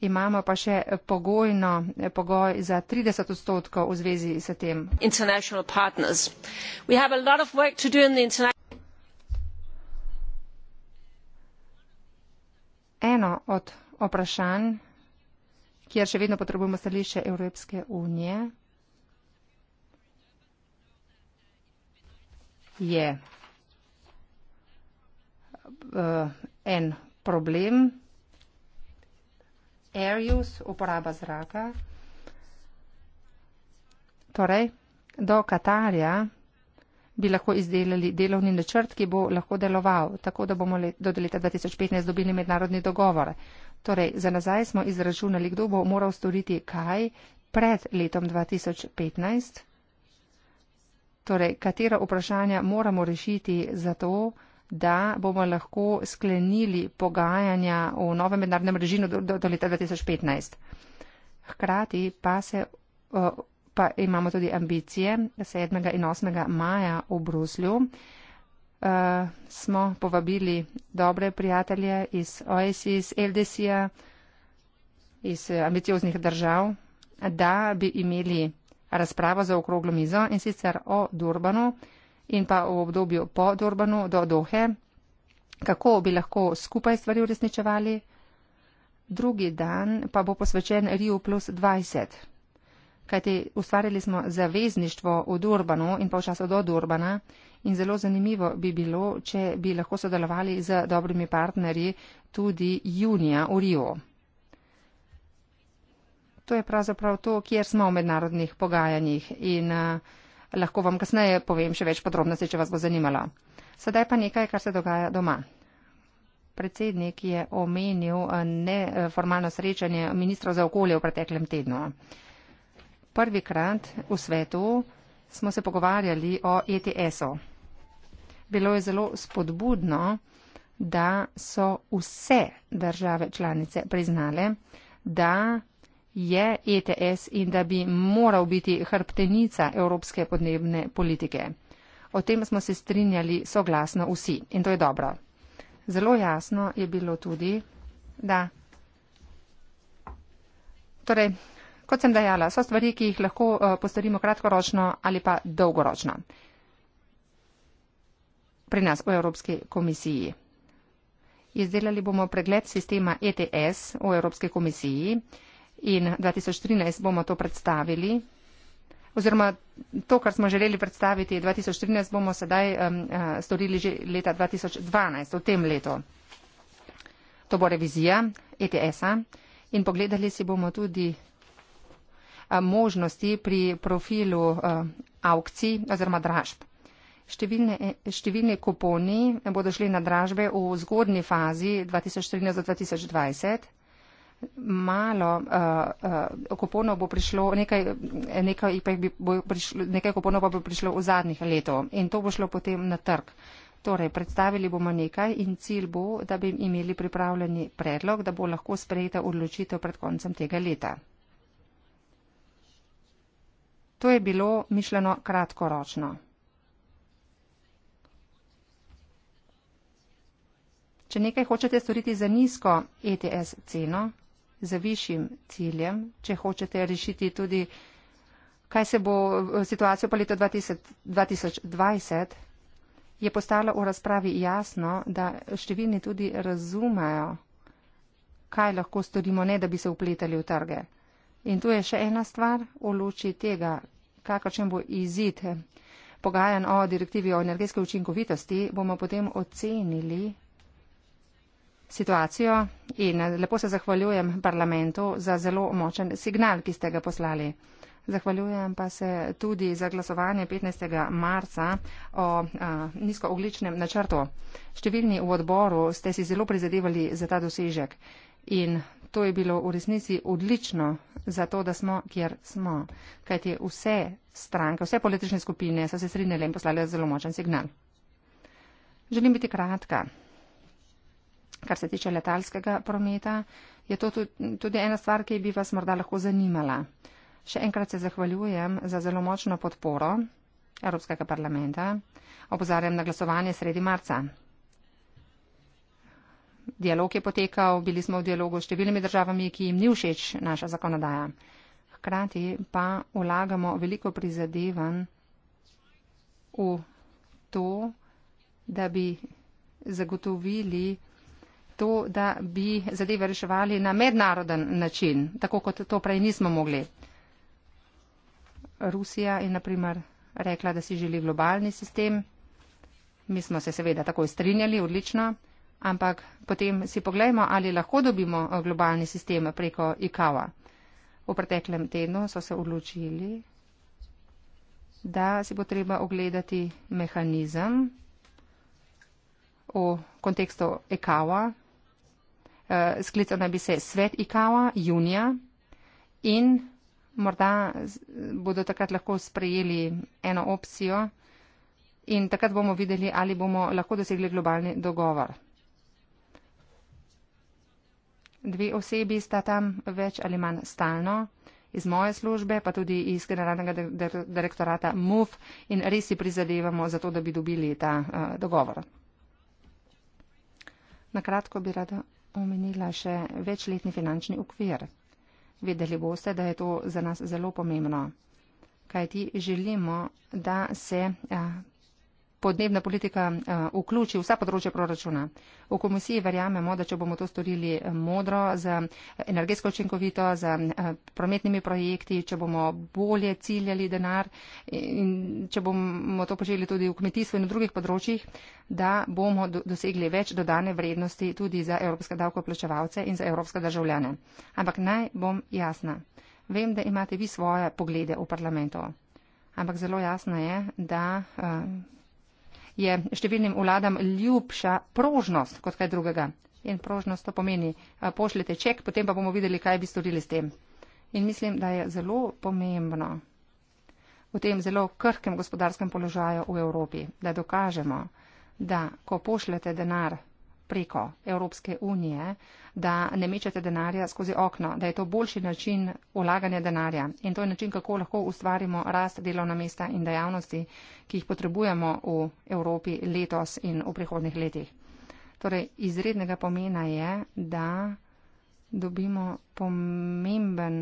[SPEAKER 2] Imamo pa še pogojno, pogoj za 30 odstotkov v zvezi s tem. Eno od vprašanj kjer še vedno potrebujemo stališče Evropske unije, je uh, en problem, air use, uporaba zraka. Torej, do Katarja bi lahko izdelali delovni načrt, ki bo lahko deloval, tako da bomo let, do leta 2015 dobili mednarodni dogovor. Torej, za nazaj smo izračunali, kdo bo moral storiti kaj pred letom 2015. Torej, katera vprašanja moramo rešiti za to, da bomo lahko sklenili pogajanja o novem mednarodnem režimu do, do, do leta 2015. Hkrati pa se. Uh, pa imamo tudi ambicije 7. in 8. maja v Bruslju uh, smo povabili dobre prijatelje iz OSI, iz LDC-ja, eh, iz ambicioznih držav, da bi imeli razpravo za okroglo mizo in sicer o Durbanu in pa v obdobju po Durbanu do Dohe, kako bi lahko skupaj stvari uresničevali. Drugi dan pa bo posvečen Riu plus 20, kajti ustvarili smo zavezništvo v Durbanu in pa v času do Durbana in zelo zanimivo bi bilo, če bi lahko sodelovali z dobrimi partnerji tudi junija v Rio. To je pravzaprav to, kjer smo v mednarodnih pogajanjih in eh, lahko vam kasneje povem še več podrobnosti, če vas bo zanimalo. Sedaj pa nekaj, kar se dogaja doma. Predsednik je omenil eh, neformalno srečanje ministrov za okolje v preteklem tednu. Prvi krat v svetu smo se pogovarjali o ETS-u. Bilo je zelo spodbudno, da so vse države članice priznale, da je ETS in da bi moral biti hrbtenica evropske podnebne politike. O tem smo se strinjali soglasno vsi in to je dobro. Zelo jasno je bilo tudi, da. Torej, Kot sem dejala, so stvari, ki jih lahko eh, postorimo kratkoročno ali pa dolgoročno. Pri nas v Evropski komisiji. Izdelali bomo pregled sistema ETS v Evropski komisiji in 2013 bomo to predstavili. Oziroma to, kar smo želeli predstaviti 2013, bomo sedaj um, storili že leta 2012, v tem letu. To bo revizija ETS-a in pogledali si bomo tudi Eh, možnosti pri profilu eh, aukcij oziroma dražb. Številne, eh, številne kuponi bodo šli na dražbe v zgodni fazi 2013-2020. Malo uh, uh, kuponov bo prišlo, nekaj, nekaj, pa bo prišlo, nekaj kuponov pa bo prišlo v zadnjih letu in to bo šlo potem na trg. Torej, predstavili bomo nekaj in cilj bo, da bi imeli pripravljeni predlog, da bo lahko sprejeta odločitev pred koncem tega leta. To je bilo mišljeno kratkoročno. Če nekaj hočete storiti za nizko ETS ceno, za višjim ciljem, če hočete rešiti tudi, kaj se bo situacijo po letu 2020, je postalo v razpravi jasno, da številni tudi razumejo, kaj lahko storimo, ne da bi se upletali v trge. In tu je še ena stvar v luči tega, kakšen bo izid pogajan o direktivi o energetske učinkovitosti, bomo potem ocenili situacijo in lepo se zahvaljujem parlamentu za zelo močen signal, ki ste ga poslali. Zahvaljujem pa se tudi za glasovanje 15. marca o a, nizkoogličnem načrtu. Številni v odboru ste si zelo prizadevali za ta dosežek in to je bilo v resnici odlično za to, da smo, kjer smo. Kaj ti vse stranke, vse politične skupine so se strinjali in poslali zelo močen signal. Želim biti kratka. Kar se tiče letalskega prometa, je to tudi ena stvar, ki bi vas morda lahko zanimala. Še enkrat se zahvaljujem za zelo močno podporo Evropskega parlamenta. Opozarjam na glasovanje sredi marca. Dialog je potekal, bili smo v dialogu s številnimi državami, ki jim ni všeč naša zakonodaja. Hkrati pa vlagamo veliko prizadevanj v to, da bi zagotovili to, da bi zadeve reševali na mednaroden način, tako kot to prej nismo mogli. Rusija je naprimer rekla, da si želi globalni sistem. Mi smo se seveda tako strinjali, odlično. Ampak potem si pogledajmo, ali lahko dobimo eh, globalni sistem preko IKAO-a. V preteklem tednu so se odločili, da si bo treba ogledati mehanizem v kontekstu IKAO-a. Eh, sklical naj bi se svet IKAO-a junija in morda bodo takrat lahko sprejeli eno opcijo in takrat bomo videli, ali bomo lahko dosegli globalni dogovor. Dve osebi sta tam več ali manj stalno, iz moje službe, pa tudi iz generalnega direktorata MUF in res si prizadevamo za to, da bi dobili ta uh, dogovor. Na kratko bi rada omenila še večletni finančni ukvir. Vedeli boste, da je to za nas zelo pomembno, kajti želimo, da se. Uh, podnebna politika eh, vključi vsa področja proračuna. V komisiji verjamemo, da če bomo to storili eh, modro, z eh, energetsko učinkovito, z prometnimi projekti, če bomo bolje ciljali denar in če bomo to počeli tudi v kmetijstvu in v drugih področjih, da bomo dosegli več dodane vrednosti tudi za evropske davkoplačevalce in za evropske državljane. Ampak naj bom jasna. Vem, da imate vi svoje poglede v parlamentu. Ampak zelo jasno je, da je številnim vladam ljubša prožnost kot kaj drugega. In prožnost to pomeni, pošljete ček, potem pa bomo videli, kaj bi storili s tem. In mislim, da je zelo pomembno v tem zelo krhkem gospodarskem položaju v Evropi, da dokažemo, da ko pošljete denar preko Evropske unije, da ne mečete denarja skozi okno, da je to boljši način ulaganja denarja in to je način, kako lahko ustvarimo rast delovna mesta in dejavnosti, ki jih potrebujemo v Evropi letos in v prihodnih letih. Torej, izrednega pomena je, da dobimo pomemben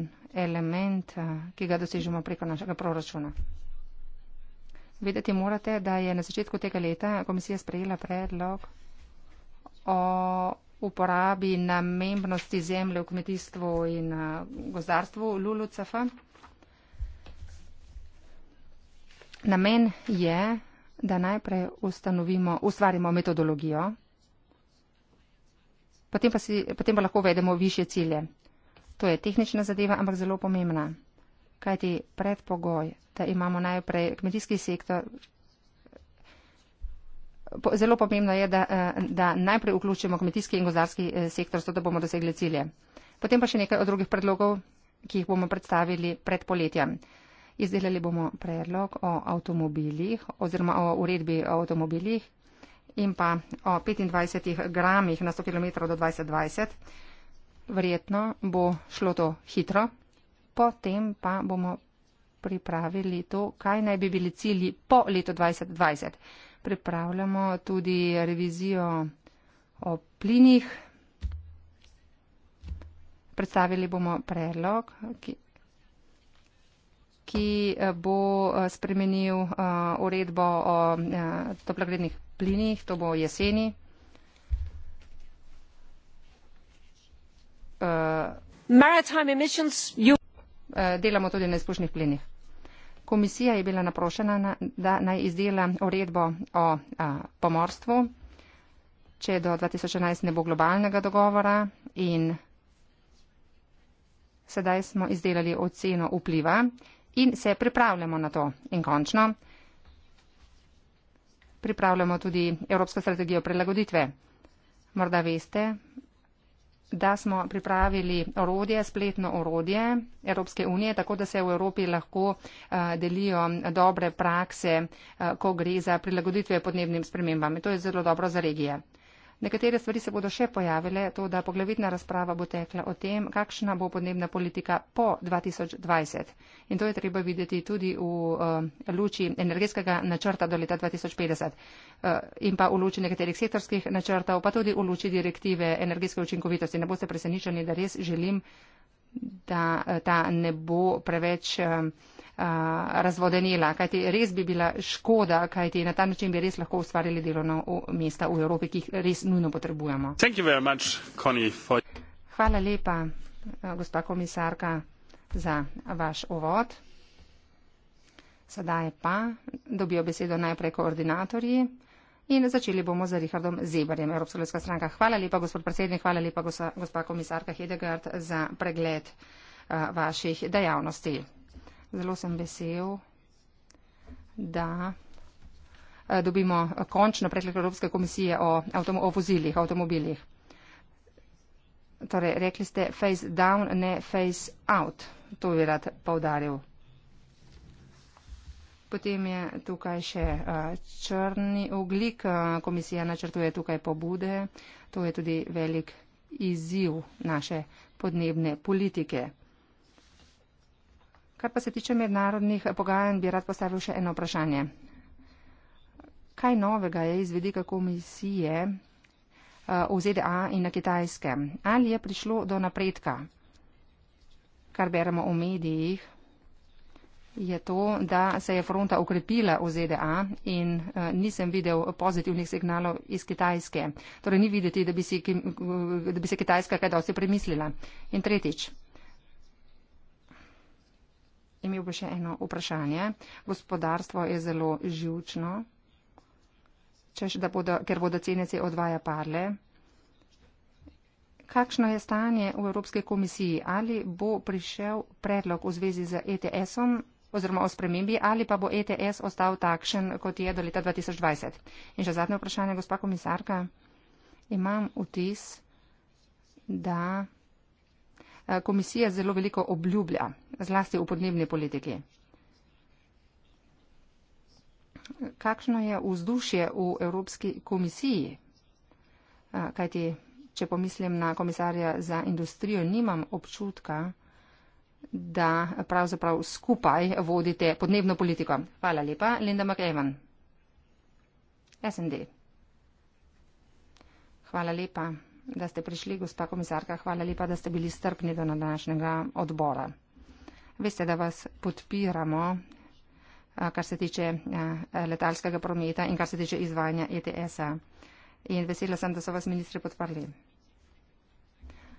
[SPEAKER 2] element, eh, ki ga dosežemo preko našega proračuna. Vedeti morate, da je na začetku tega leta komisija sprejela predlog o uporabi namembnosti zemlje v kmetijstvu in eh, gozdarstvu LULUCF. Namen je, da najprej ustanovimo, ustvarimo metodologijo, potem pa, si, potem pa lahko vedemo više cilje. To je tehnična zadeva, ampak zelo pomembna. Kajti predpogoj, da imamo najprej kmetijski sektor, zelo pomembno je, da, eh, da najprej vključimo kmetijski in gozdarski eh, sektor, zato da bomo dosegli cilje. Potem pa še nekaj od drugih predlogov, ki jih bomo predstavili pred poletjem. Izdelali bomo predlog o avtomobilih oziroma o uredbi o avtomobilih in pa o 25 gramih na 100 km do 2020. Verjetno bo šlo to hitro. Potem pa bomo pripravili to, kaj naj bi bili cilji po letu 2020 pripravljamo tudi revizijo o plinih. Predstavili bomo predlog, ki, ki eh, bo eh, spremenil uh, uredbo o uh, toplogrednih plinih, to bo jeseni. Uh, Maritime emissions. You... Uh, delamo tudi na izpušnih plinih. Komisija je bila naprošena, na, da naj izdela uredbo o a, pomorstvu, če do 2011 ne bo globalnega dogovora in sedaj smo izdelali oceno vpliva in se pripravljamo na to. In končno pripravljamo tudi Evropsko strategijo prilagoditve. Morda veste, da smo pripravili orodje, spletno orodje Evropske unije, tako da se v Evropi lahko eh, delijo dobre prakse, eh, ko gre za prilagoditve podnebnim spremembam. To je zelo dobro za regije. Nekatere stvari se bodo še pojavile, to da poglavitna razprava bo tekla o tem, kakšna bo podnebna politika po 2020. In to je treba videti tudi v uh, luči energetskega načrta do leta 2050 uh, eh, in pa v luči nekaterih sektorskih načrtov, pa tudi v luči direktive energetske učinkovitosti. Ne boste presenečeni, da res želim, da uh, ta ne bo preveč. Uh, razvodenila, kajti res bi bila škoda, kajti na ta način bi res lahko ustvarili delovno mesta v Evropi, ki jih res nujno potrebujemo.
[SPEAKER 1] Much,
[SPEAKER 3] Connie, for...
[SPEAKER 2] Hvala lepa, gospa komisarka, za vaš uvod. Sedaj pa dobijo besedo najprej koordinatorji. In začeli bomo z Richardom Zebarjem, Evropska ljudska stranka. Hvala lepa, gospod predsednik, hvala lepa, gospa komisarka Hedegard, za pregled uh, vaših dejavnosti zelo sem vesel, da eh, dobimo končno predlog Evropske komisije o, avtom o vozilih, avtomobilih. Torej, rekli ste face down, ne face out. To bi rad povdaril. Potem je tukaj še eh, črni oglik. Eh, komisija načrtuje tukaj pobude. To je tudi velik izziv naše podnebne politike. Kar pa se tiče mednarodnih pogajanj, bi rad postavil še eno vprašanje. Kaj novega je izvedika komisije eh, v ZDA in na kitajskem? Ali je prišlo do napredka? Kar beremo v medijih, je to, da se je fronta ukrepila v ZDA in eh, nisem videl pozitivnih signalov iz kitajske. Torej ni videti, da bi, si, eh, da bi se kitajska kaj dosti premislila. In tretjič imel bi še eno vprašanje. Gospodarstvo je zelo žilčno, ker bodo cene se odvaja parle. Kakšno je stanje v Evropske komisiji? Ali bo prišel predlog v zvezi z ETS-om oziroma o spremembi ali pa bo ETS ostal takšen, kot je do leta 2020? In še zadnje vprašanje, gospa komisarka. Imam vtis, da komisija zelo veliko obljublja, zlasti v podnebni politiki. Kakšno je vzdušje v Evropski komisiji? Kajti, če pomislim na komisarja za industrijo, nimam občutka, da pravzaprav skupaj vodite podnebno politiko. Hvala lepa. Linda McEwan, SND. Hvala lepa da ste prišli, gospa komisarka. Hvala lepa, da ste bili strpni do današnjega odbora. Veste, da vas podpiramo, kar se tiče letalskega prometa in kar se tiče izvajanja ETS-a. In vesela sem, da so vas ministri podprli.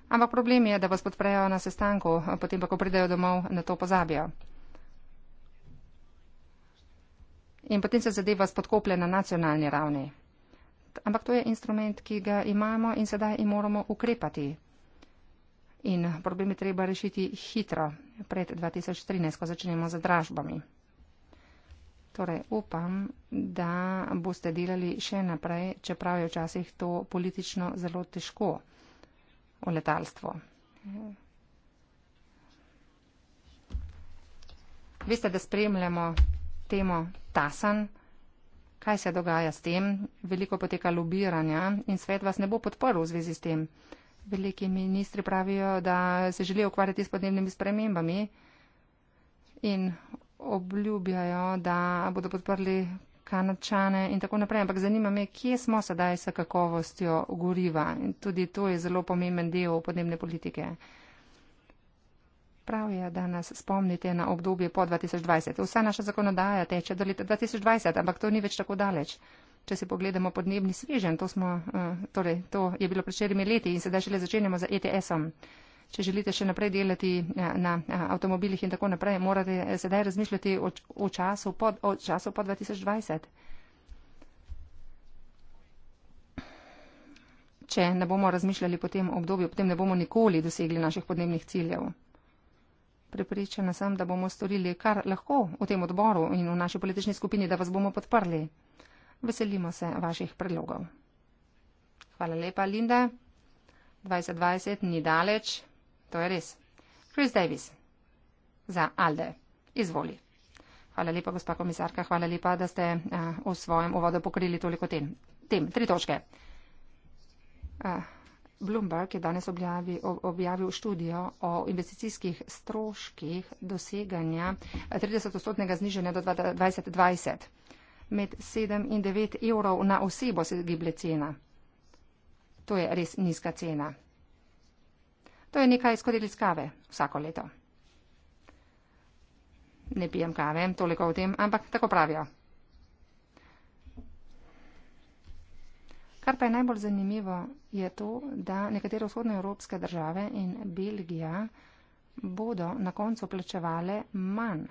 [SPEAKER 2] Ampak problem je, da vas podprejo na sestanku, potem pa, ko pridejo domov, na to pozabijo. In potem se zadeva spodkople na nacionalni ravni ampak to je instrument, ki ga imamo in sedaj jim moramo ukrepati. In problemi treba rešiti hitro, pred 2013, ko začnemo z dražbami. Torej, upam, da boste delali še naprej, čeprav je včasih to politično zelo težko v letalstvo. Veste, da spremljamo temo Tasan kaj se dogaja s tem, veliko poteka lobiranja in svet vas ne bo podporil v zvezi s tem. Veliki ministri pravijo, da se želijo ukvarjati s podnebnimi spremembami in obljubjajo, da bodo podprli kanačane in tako naprej. Ampak zanima me, kje smo sedaj s kakovostjo goriva in tudi to je zelo pomemben del podnebne politike. Prav je, da nas spomnite na obdobje po 2020. Vsa naša zakonodaja teče do leta 2020, ampak to ni več tako daleč. Če si pogledamo podnebni svežen, to, smo, eh, torej, to je bilo pred štirimi leti in sedaj šele začenjamo z ETS-om. Če želite še naprej delati eh, na eh, avtomobilih in tako naprej, morate sedaj razmišljati o, o, času, po, o času po 2020. Če ne bomo razmišljali po tem obdobju, potem ne bomo nikoli dosegli naših podnebnih ciljev. Prepričana sem, da bomo storili kar lahko v tem odboru in v naši politični skupini, da vas bomo podprli. Veselimo se vaših predlogov. Hvala lepa, Linda. 2020 ni daleč, to je res. Chris Davis za Alde. Izvoli. Hvala lepa, gospa komisarka. Hvala lepa, da ste eh, v svojem uvodu pokrili toliko tem. Tem, tri točke. Eh, Bloomberg je danes objavi, objavil študijo o investicijskih stroških doseganja 30-stotnega znižanja do 2020. Med 7 in 9 evrov na osebo se giblje cena. To je res nizka cena. To je nekaj skodelic kave vsako leto. Ne pijem kave, toliko o tem, ampak tako pravijo. Kar pa je najbolj zanimivo, je to, da nekatere vzhodnoevropske države in Belgija bodo na koncu plačevale manj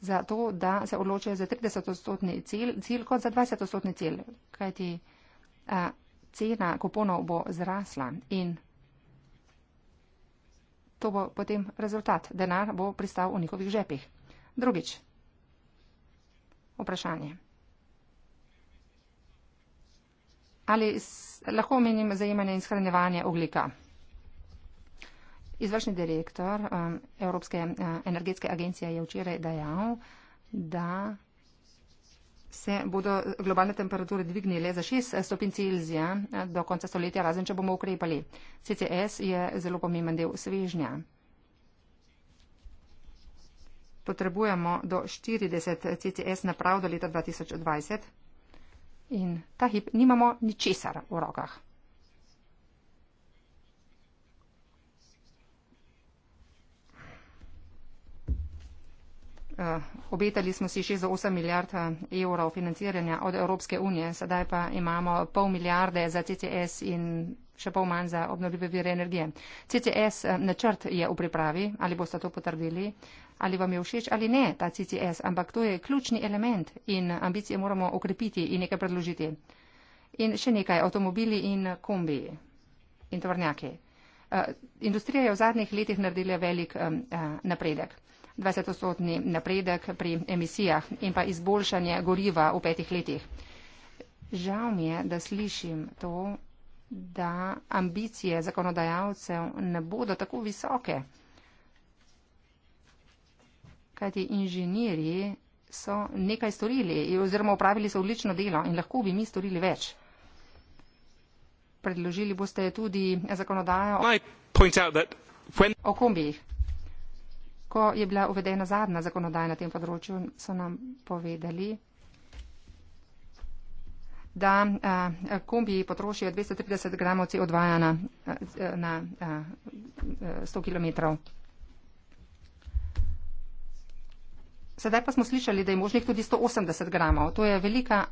[SPEAKER 2] za to, da se odločijo za 30-odstotni cilj, cilj kot za 20-odstotni cilj, kajti a, cena kuponov bo zrasla in to bo potem rezultat. Denar bo pristal v njihovih žepih. Drugič. Vprašanje. ali lahko omenim zajemanje in shranjevanje oglika. Izvršni direktor um, Evropske uh, energetske agencije je včeraj dejal, da se bodo globalne temperature dvignile za 6 eh, stopinj Celzija eh, do konca stoletja, razen če bomo ukrepali. CCS je zelo pomemben del svežnja. Potrebujemo do 40 CCS naprav do leta 2020 in ta hip nimamo ničesar v rokah. Eh, obetali smo si že za 8 milijard eh, evrov financiranja od Evropske unije, sedaj pa imamo pol milijarde za CCS in še pol manj za obnovljive vire energije. CCS eh, načrt je v pripravi, ali boste to potrdili, ali vam je všeč ali ne ta CCS, ampak to je ključni element in ambicije moramo okrepiti in nekaj predložiti. In še nekaj, avtomobili in kombi in tovrnjaki. Eh, industrija je v zadnjih letih naredila velik eh, napredek. 20-stotni napredek pri emisijah in pa izboljšanje goriva v petih letih. Žal mi je, da slišim to, da ambicije zakonodajalcev ne bodo tako visoke kajti inženirji so nekaj storili oziroma upravili so odlično delo in lahko bi mi storili več. Predložili boste tudi zakonodajo when... o kombijih. Ko je bila uvedena zadnja zakonodaja na tem področju, so nam povedali, da eh, kombiji potrošijo 230 gramov CO2 na, eh, na 100 eh, km. Sedaj pa smo slišali, da je možnih tudi 180 gramov. To je velika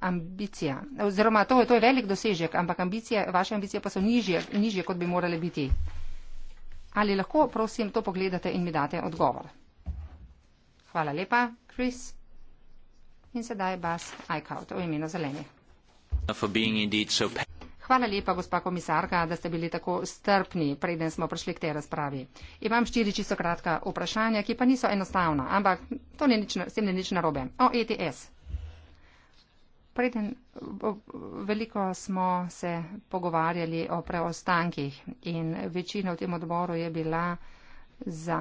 [SPEAKER 2] ambicija. Oziroma, to je, to je velik dosežek, ampak ambicije, vaše ambicije pa so nižje, nižje, kot bi morale biti. Ali lahko, prosim, to pogledate in mi date odgovor? Hvala lepa, Chris. In sedaj Bas Aikaut, v imenu zelenih. Hvala lepa, gospa komisarka, da ste bili tako strpni, preden smo prišli k tej razpravi. Imam štiri čisto kratka vprašanja, ki pa niso enostavna, ampak to ni nič, s tem ni nič narobe. O ETS. Preden veliko smo se pogovarjali o preostankih in večina v tem odboru je bila za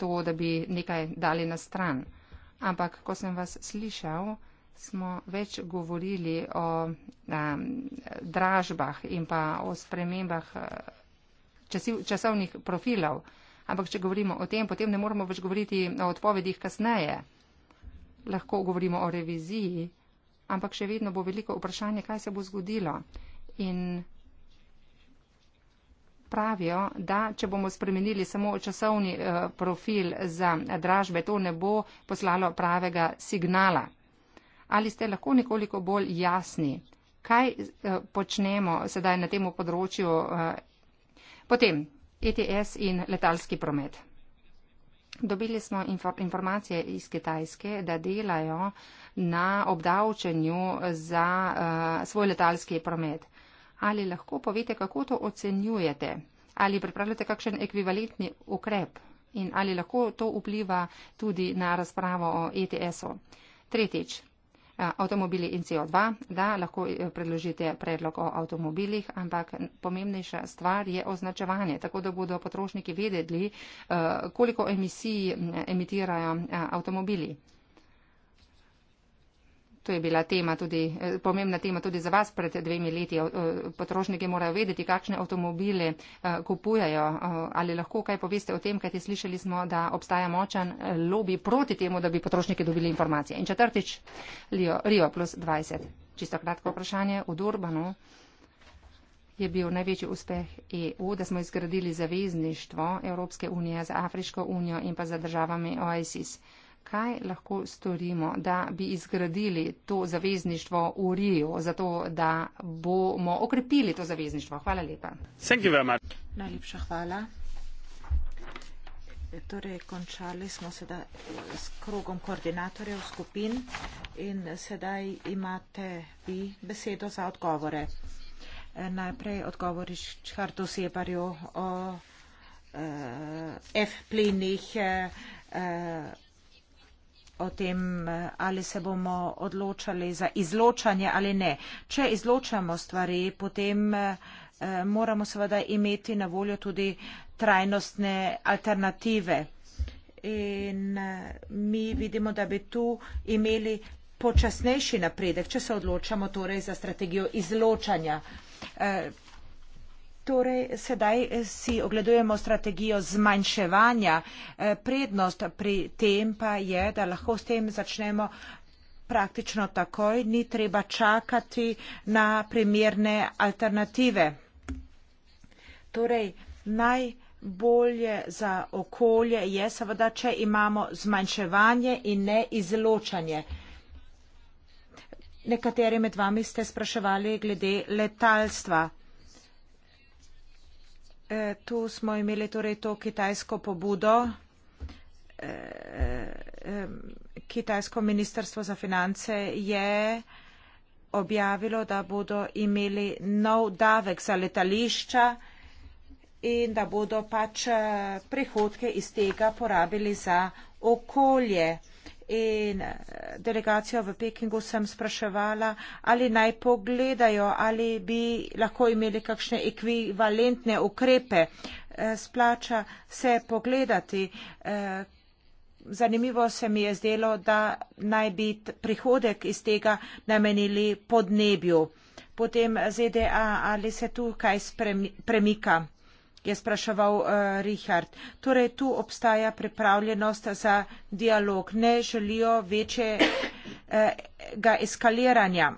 [SPEAKER 2] to, da bi nekaj dali na stran. Ampak, ko sem vas slišal, smo več govorili o um, dražbah in pa o spremembah eh, časiv, časovnih profilov. Ampak, če govorimo o tem, potem ne moramo več govoriti o odpovedih kasneje. Lahko govorimo o reviziji, ampak še vedno bo veliko vprašanje, kaj se bo zgodilo. In pravijo, da če bomo spremenili samo časovni uh, profil za dražbe, to ne bo poslalo pravega signala ali ste lahko nekoliko bolj jasni, kaj eh, počnemo sedaj na tem področju, eh, potem ETS in letalski promet. Dobili smo informacije iz Kitajske, da delajo na obdavčenju za eh, svoj letalski promet. Ali lahko povete, kako to ocenjujete? Ali pripravljate kakšen ekvivalentni ukrep? In ali lahko to vpliva tudi na razpravo o ETS-u? Tretjič, Eh, avtomobili in CO2, da lahko eh, predložite predlog o avtomobilih, ampak pomembnejša stvar je označevanje, tako da bodo potrošniki vedeli, eh, koliko emisij emitirajo avtomobili. To je bila tema tudi, eh, pomembna tema tudi za vas pred dvemi leti. Eh, potrošniki morajo vedeti, kakšne avtomobile eh, kupujajo. Ali lahko kaj poveste o tem, kajti slišali smo, da obstaja močan lobby proti temu, da bi potrošniki dobili informacije. In četrtič, Rio, Rio plus 20. Čisto kratko vprašanje. V Durbanu je bil največji uspeh EU, da smo izgradili zavezništvo Evropske unije z Afriško unijo in pa za državami OSIS kaj lahko storimo, da bi izgradili to zavezništvo v Riju, zato da bomo okrepili to zavezništvo. Hvala lepa. Najlepša hvala.
[SPEAKER 3] Torej, končali smo sedaj s krogom koordinatorjev skupin in sedaj imate vi besedo za odgovore. Najprej odgovoriš Čhartu Sebarju o eh, F plinih. Eh, eh, o tem, eh, ali se bomo odločali za izločanje ali ne. Če izločamo stvari, potem eh, eh, moramo seveda imeti na voljo tudi trajnostne alternative. In mi vidimo, da bi tu imeli počasnejši napredek, če se odločamo torej za strategijo izločanja. Torej, sedaj si ogledujemo strategijo zmanjševanja. Eh, prednost pri tem pa je, da lahko s tem začnemo praktično takoj, ni treba čakati na primerne alternative. Torej, najbolje za okolje je seveda, če imamo zmanjševanje in ne izločanje. Nekateri med vami ste spraševali glede letalstva. E, tu smo imeli torej to kitajsko pobudo, e, e, kitajsko ministrstvo za finance je objavilo, da bodo imeli nov davek za letališča in da bodo pač prihodke iz tega porabili za okolje. In eh, delegacijo v Pekingu sem spraševala, ali naj pogledajo, ali bi lahko imeli kakšne ekvivalentne ukrepe. Eh, splača se pogledati. Eh, zanimivo se mi je zdelo, da naj bi prihodek iz tega namenili podnebju. Potem ZDA, ali se tukaj premika? je spraševal uh, Richard. Torej, tu obstaja pripravljenost za dialog. Ne želijo večjega eh, uh, eskaliranja.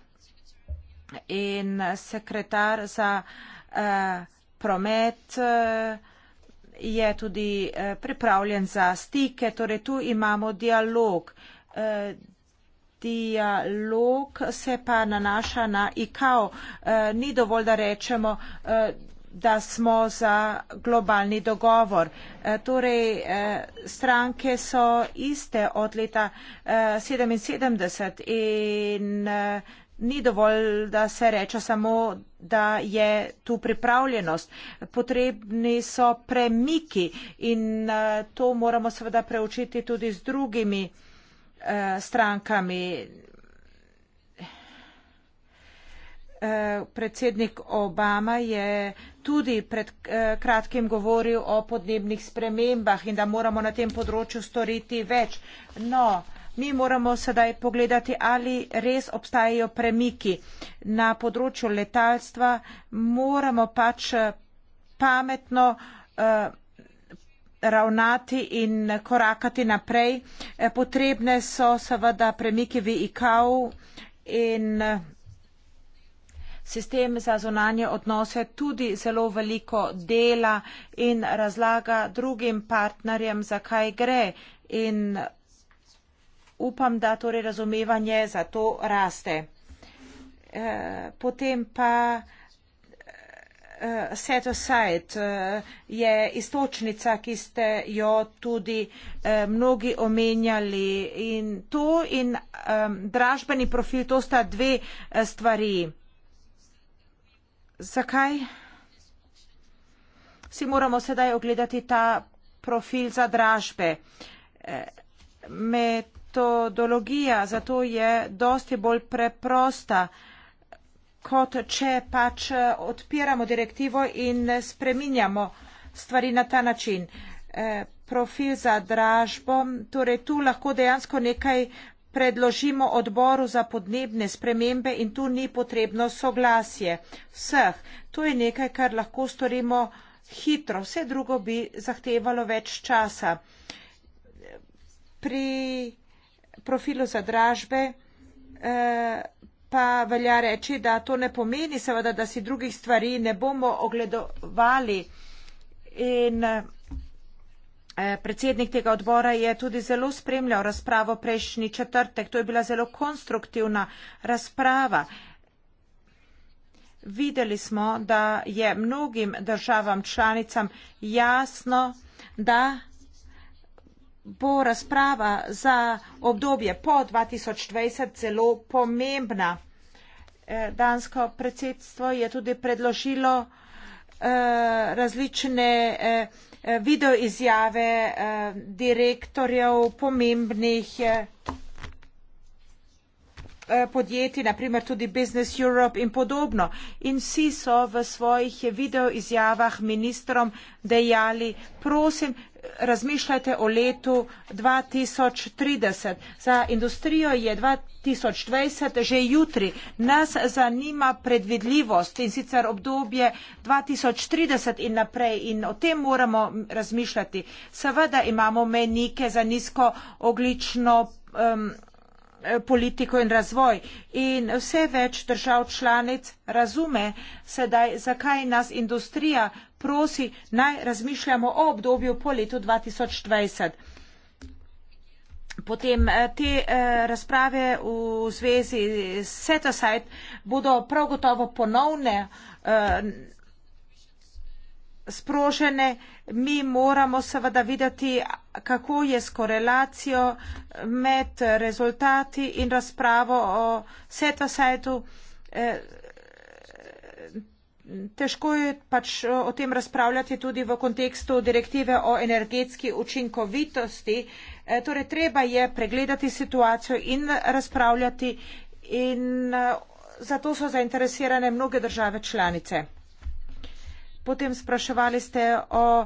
[SPEAKER 3] In sekretar za uh, promet uh, je tudi uh, pripravljen za stike. Torej, tu imamo dialog. Uh, dialog se pa nanaša na IKO. Uh, ni dovolj, da rečemo. Uh, da smo za globalni dogovor. E, torej, e, stranke so iste od leta 1977 e, in ni dovolj, da se reče samo, da je tu pripravljenost. Potrebni so premiki in to moramo seveda preučiti tudi z drugimi strankami. Eh, predsednik Obama je tudi pred eh, kratkim govoril o podnebnih spremembah in da moramo na tem področju storiti več. No, mi moramo sedaj pogledati, ali res obstajajo premiki. Na področju letalstva moramo pač eh, pametno ravnati in korakati naprej. Potrebne so seveda premiki v IKV in sistem za zunanje odnose tudi zelo veliko dela in razlaga drugim partnerjem, zakaj gre. In upam, da torej razumevanje za to raste. Eh, potem pa eh, set aside eh, je istočnica, ki ste jo tudi mnogi omenjali. In to in dražbeni profil, to sta dve stvari. Zakaj si moramo sedaj ogledati ta profil za dražbe? E, metodologija zato je dosti bolj preprosta, kot če pač odpiramo direktivo in spreminjamo stvari na ta način. E, profil za dražbo, torej tu lahko dejansko nekaj predložimo odboru za podnebne spremembe in tu ni potrebno soglasje vseh. To je nekaj, kar lahko storimo hitro, vse drugo bi zahtevalo več časa. Pri profilu za dražbe eh, pa velja reči, da to ne pomeni seveda, da si drugih stvari ne bomo ogledovali in eh, E, predsednik tega odbora je tudi zelo spremljal razpravo prejšnji četrtek. To je bila zelo konstruktivna razprava. Videli smo, da je mnogim državam članicam jasno, da bo razprava za obdobje po 2020 zelo pomembna. E, dansko predsedstvo je tudi predložilo e, različne video izjave eh, direktorjev pomembnih eh, eh, podjetij, naprimer tudi Business Europe in podobno. In vsi so v svojih video izjavah ministrom dejali, prosim, razmišljate o letu 2030. Za industrijo je 2020 že jutri. Nas zanima predvidljivost in sicer obdobje 2030 in naprej in o tem moramo razmišljati. Seveda imamo menike za nizko oglično. Um, Eh, politiko in razvoj. In vse več držav članic razume sedaj, zakaj nas industrija prosi naj razmišljamo o obdobju po letu 2020. Potem eh, te eh, razprave v zvezi set aside bodo prav gotovo ponovne sprožene, mi moramo seveda videti, kako je s korelacijo med rezultati in razpravo o seta sajtu. Eh, težko je pač o tem razpravljati tudi v kontekstu direktive o energetski učinkovitosti. Eh, torej, treba je pregledati situacijo in razpravljati in eh, zato so zainteresirane mnoge države članice. Potem spraševali ste o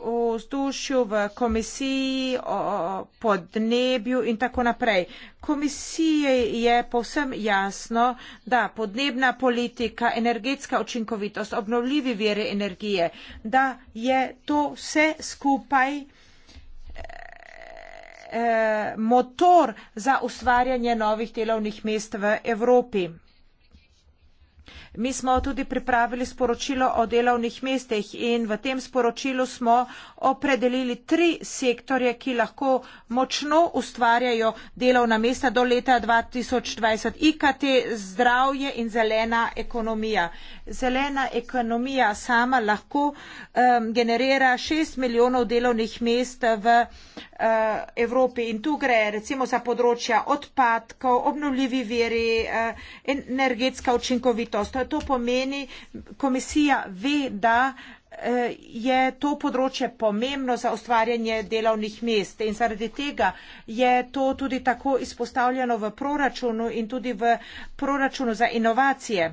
[SPEAKER 3] vzdušju v komisiji, o podnebju in tako naprej. Komisiji je povsem jasno, da podnebna politika, energetska učinkovitost, obnovljivi vire energije, da je to vse skupaj eh, eh, motor za ustvarjanje novih delovnih mest v Evropi. Mi smo tudi pripravili sporočilo o delovnih mestih in v tem sporočilu smo opredelili tri sektorje, ki lahko močno ustvarjajo delovna mesta do leta 2020. IKT, zdravje in zelena ekonomija. Zelena ekonomija sama lahko um, generira 6 milijonov delovnih mest v uh, Eh, Evropi in tu gre recimo za področja odpadkov, obnovljivi veri, eh, energetska učinkovitost. To pomeni, komisija ve, da eh, je to področje pomembno za ustvarjanje delovnih mest in zaradi tega je to tudi tako izpostavljeno v proračunu in tudi v proračunu za inovacije.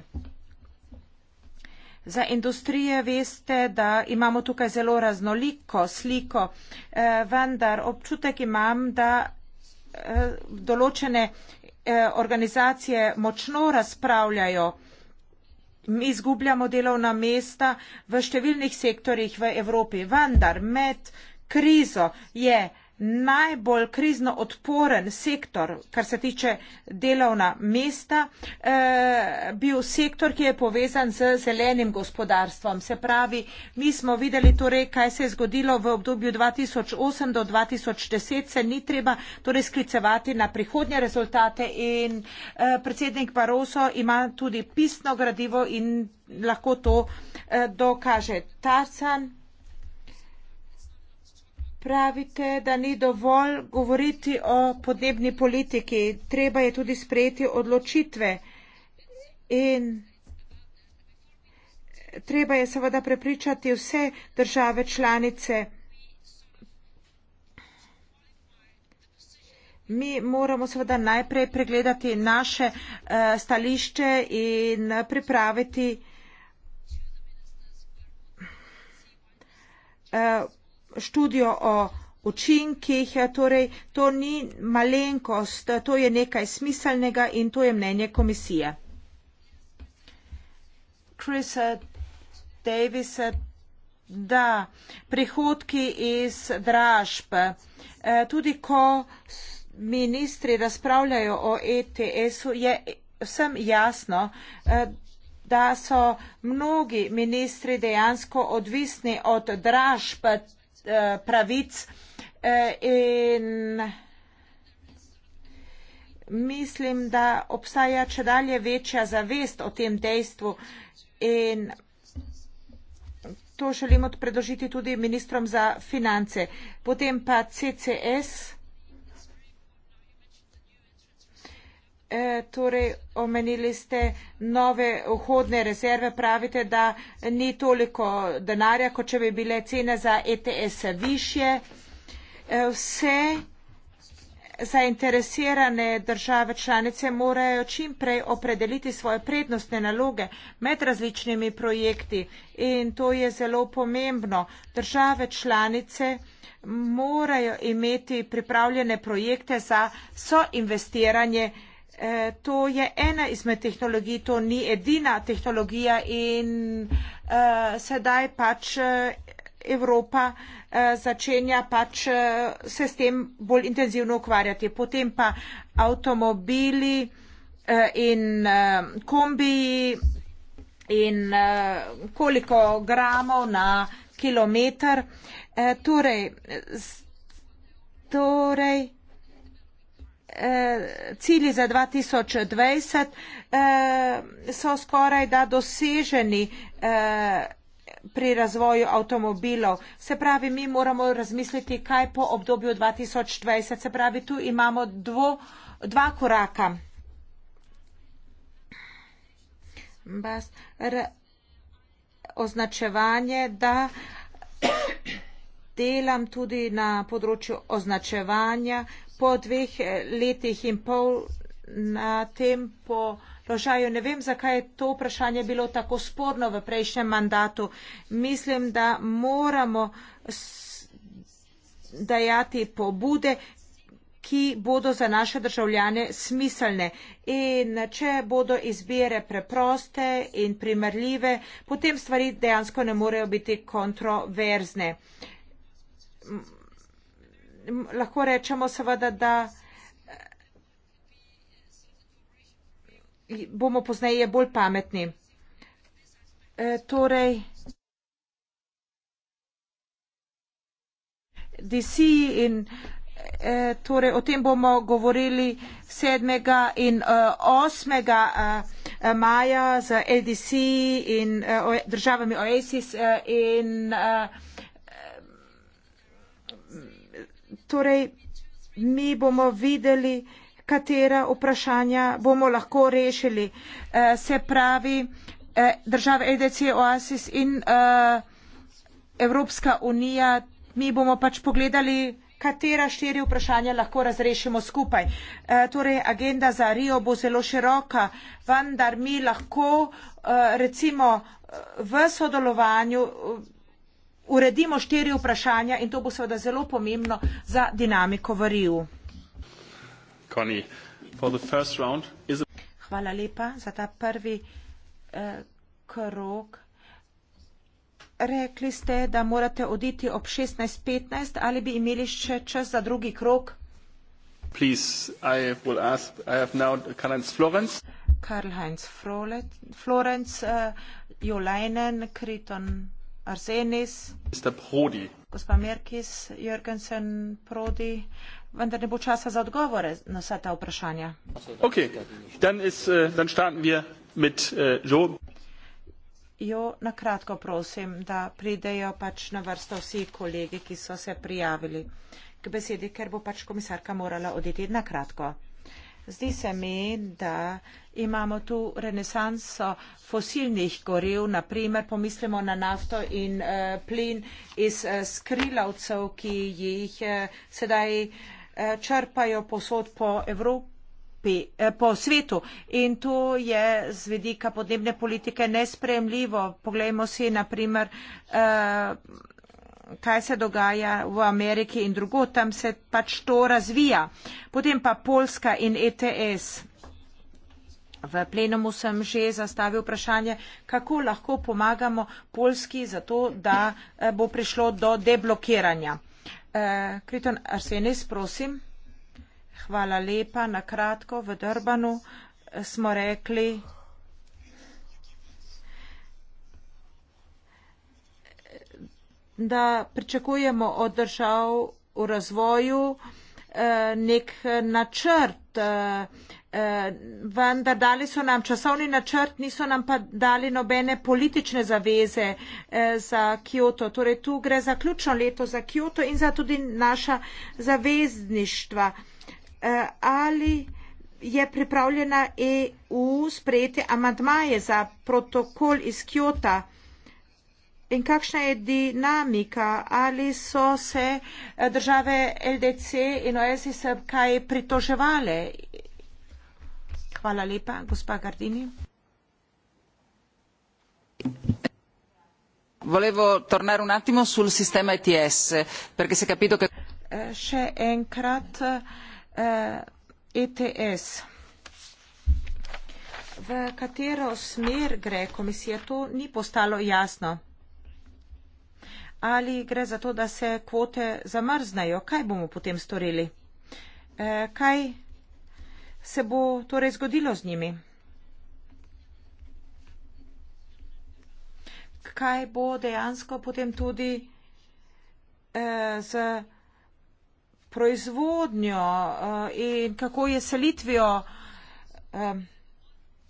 [SPEAKER 3] Za industrije veste, da imamo tukaj zelo raznoliko sliko, eh, vendar občutek imam, da eh, določene eh, organizacije močno razpravljajo. Mi izgubljamo delovna mesta v številnih sektorjih v Evropi, vendar med krizo je najbolj krizno odporen sektor, kar se tiče delovna mesta, eh, bil sektor, ki je povezan z zelenim gospodarstvom. Se pravi, mi smo videli torej, kaj se je zgodilo v obdobju 2008 do 2010, se ni treba torej sklicevati na prihodnje rezultate in eh, predsednik Baroso ima tudi pisno gradivo in lahko to eh, dokaže. Tarcan. Pravite, da ni dovolj govoriti o podnebni politiki, treba je tudi sprejeti odločitve in treba je seveda prepričati vse države članice. Mi moramo seveda najprej pregledati naše eh, stališče in pripraviti eh, študijo o učinkih, torej to ni malenkost, to je nekaj smiselnega in to je mnenje komisije. Chris Davis, da, prihodki iz dražb. E, tudi ko ministri razpravljajo o ETS-u, je vsem jasno, e, da so mnogi ministri dejansko odvisni od dražb Eh, pravic eh, in mislim, da obstaja če dalje večja zavest o tem dejstvu in to želim odpredožiti tudi ministrom za finance. Potem pa CCS. E, torej omenili ste nove vhodne rezerve, pravite, da ni toliko denarja, kot če bi bile cene za ETS više. E, vse zainteresirane države članice morajo čim prej opredeliti svoje prednostne naloge med različnimi projekti in to je zelo pomembno. Države članice morajo imeti pripravljene projekte za soinvestiranje investiranje Eh, to je ena izmed tehnologij, to ni edina tehnologija in uh, sedaj pač eh, Evropa uh, začenja pač uh, se s tem bolj intenzivno ukvarjati. Potem pa avtomobili uh, in uh, kombiji in uh, koliko gramov na kilometr. Uh, torej, torej, Eh, cilji za 2020 eh, so skoraj da doseženi eh, pri razvoju avtomobilov. Se pravi, mi moramo razmisliti, kaj po obdobju 2020. Se pravi, tu imamo dvo, dva koraka. Bas, r, označevanje, da [COUGHS] delam tudi na področju označevanja, po dveh eh, letih in pol na tem položaju. Ne vem, zakaj je to vprašanje bilo tako sporno v prejšnjem mandatu. Mislim, da moramo dajati pobude, ki bodo za naše državljane smiselne. In če bodo izbire preproste in primerljive, potem stvari dejansko ne morejo biti kontroverzne lahko rečemo seveda, da eh, bomo pozneje bolj pametni. Eh, torej, DC in eh, torej o tem bomo govorili 7. in 8. maja z LDC in državami Oasis in Torej, mi bomo videli, katera vprašanja bomo lahko rešili. Uh, se pravi, uh, države EDC, OASIS in uh, Evropska unija, mi bomo pač pogledali, katera štiri vprašanja lahko razrešimo skupaj. Uh, torej, agenda za Rio bo zelo široka, vendar mi lahko uh, recimo v sodelovanju. Uh, uredimo štiri vprašanja in to bo seveda zelo pomembno za dinamiko varijo. Hvala lepa za ta prvi eh, krok. Rekli ste, da morate oditi ob 16.15 ali bi imeli še čas za drugi krok? Karl-Heinz Florenz, Florenz uh, Jolainen, Kriton. Arsenis, gospa Merkis, Jürgensen, Prodi. Vendar ne bo časa za odgovore na vsa ta vprašanja. Ok, dan is, eh, dan starten wir mit eh, Jo. Jo, na kratko prosim, da pridejo pač na vrsto vsi kolegi, ki so se prijavili k besedi, ker bo pač komisarka morala oditi na kratko. Zdi se mi, da imamo tu renesanso fosilnih goriv, naprimer pomislimo na nafto in uh, plin iz uh, skrilavcev, ki jih uh, sedaj uh, črpajo posod po Evropi po svetu in to je z vedika podnebne politike nespremljivo. Poglejmo si, naprimer, kaj se dogaja v Ameriki in drugo, tam se pač to razvija. Potem pa Polska in ETS. V plenumu sem že zastavil vprašanje, kako lahko pomagamo Polski za to, da eh, bo prišlo do deblokiranja. Eh, Kriton Arsenis, prosim. Hvala lepa, na kratko v Drbanu eh, smo rekli, da pričakujemo od držav v razvoju eh, nek načrt, eh, eh, vendar dali so nam časovni načrt, niso nam pa dali nobene politične zaveze za Kyoto. Torej tu gre za ključno leto za Kyoto in za tudi naša zavezništva. Ali je pripravljena EU sprejeti amantmaje za protokol iz Kyoto? in kakšna je dinamika, ali so se eh, države LDC in OSIS eh, kaj pritoževale. Hvala lepa, gospa Gardini. Volevo tornare un attimo sul sistema ETS, perché si è capito che... Eh, še enkrat uh, ETS. V katero smer gre komisija, to ni postalo jasno ali gre za to, da se kvote zamrznajo. Kaj bomo potem storili? E, kaj se bo torej zgodilo z njimi? Kaj bo dejansko potem tudi e, z proizvodnjo e, in kako je selitvijo e,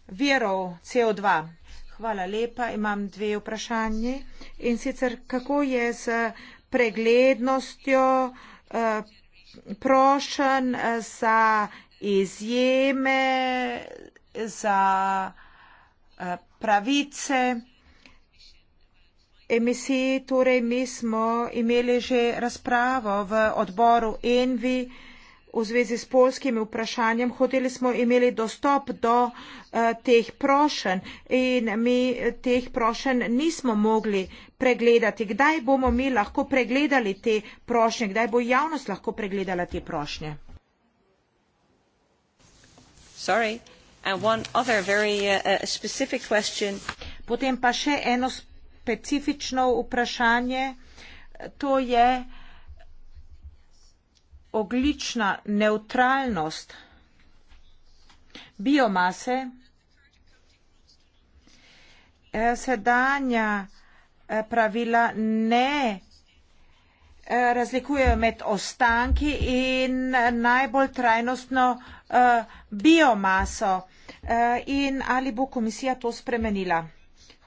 [SPEAKER 3] virov CO2? Hvala lepa. Imam dve vprašanje. In sicer, kako je z preglednostjo eh, prošen eh, za izjeme, za eh, pravice emisij. Torej, mi smo imeli že razpravo v odboru Envi v zvezi s polskim vprašanjem, hoteli smo imeli dostop do eh, teh prošen in mi teh prošen nismo mogli pregledati. Kdaj bomo mi lahko pregledali te prošnje? Kdaj bo javnost lahko pregledala te prošnje? Sorry. And one other very uh, specific question. Potem pa še eno specifično vprašanje. To je, ogljična neutralnost biomase, eh, sedanja eh, pravila ne eh, razlikujejo med ostanki in najbolj trajnostno biomaso. In ali bo komisija to spremenila?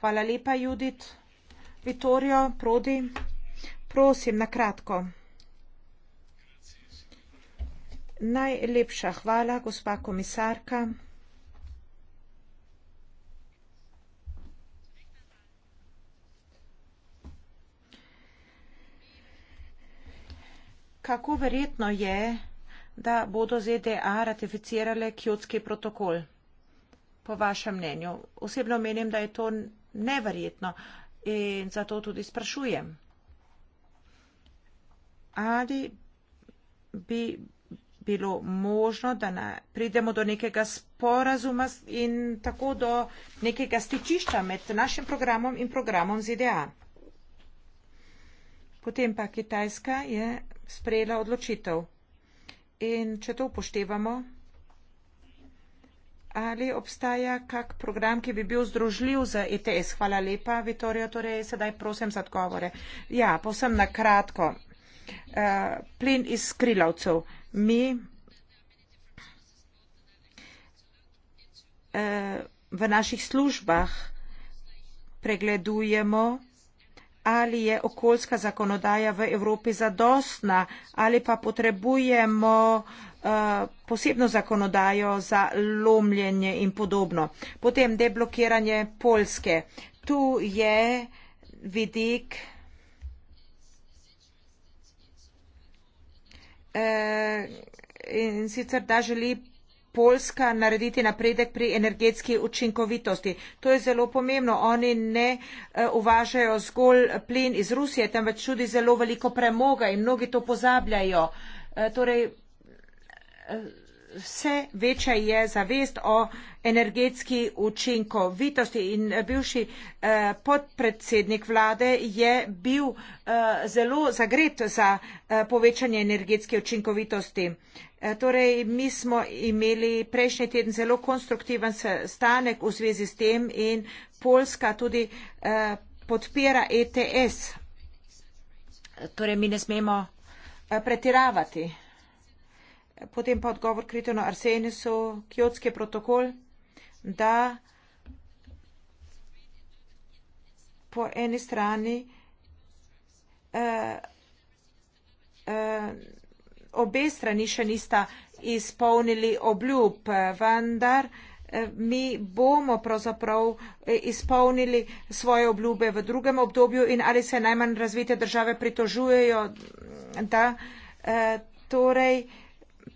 [SPEAKER 3] Hvala lepa, Judit. Vitorijo, Prodi, prosim, na kratko. Najlepša hvala, gospa komisarka. Kako verjetno je, da bodo ZDA ratificirale kjotski protokol, po vašem mnenju? Osebno menim, da je to neverjetno in zato tudi sprašujem. Ali bi bilo možno, da ne, pridemo do nekega sporazuma in tako do nekega stičišča med našim programom in programom ZDA. Potem pa Kitajska je sprejela odločitev. In če to upoštevamo, ali obstaja kak program, ki bi bil združljiv za ETS? Hvala lepa, Vitorija, torej sedaj prosim za odgovore. Ja, povsem na kratko. Uh, plin iz skrilavcev. Uh, Mi eh, v naših službah pregledujemo, ali je okoljska zakonodaja v Evropi zadostna, ali pa potrebujemo eh, posebno zakonodajo za lomljenje in podobno. Potem deblokiranje Poljske. Tu je vidik Eh, in sicer da želi Poljska narediti napredek pri energetski učinkovitosti. To je zelo pomembno. Oni ne eh, uvažajo zgolj plin iz Rusije, temveč tudi zelo veliko premoga in mnogi to pozabljajo. Eh, torej, vse večja je zavest o energetski učinkovitosti in eh, bivši eh, podpredsednik vlade je bil eh, zelo zagret za eh, povečanje energetske učinkovitosti. Eh, torej, mi smo imeli prejšnji teden zelo konstruktiven stanek v zvezi s tem in Poljska tudi eh, podpira ETS. Torej, mi ne smemo eh, pretiravati. Potem pa odgovor Kritonu Arsenisu, Kjotski protokol da po eni strani uh, uh, obe strani še nista izpolnili obljub, vendar eh, mi bomo pravzaprav izpolnili svoje obljube v drugem obdobju in ali se najmanj razvite države pritožujejo, da torej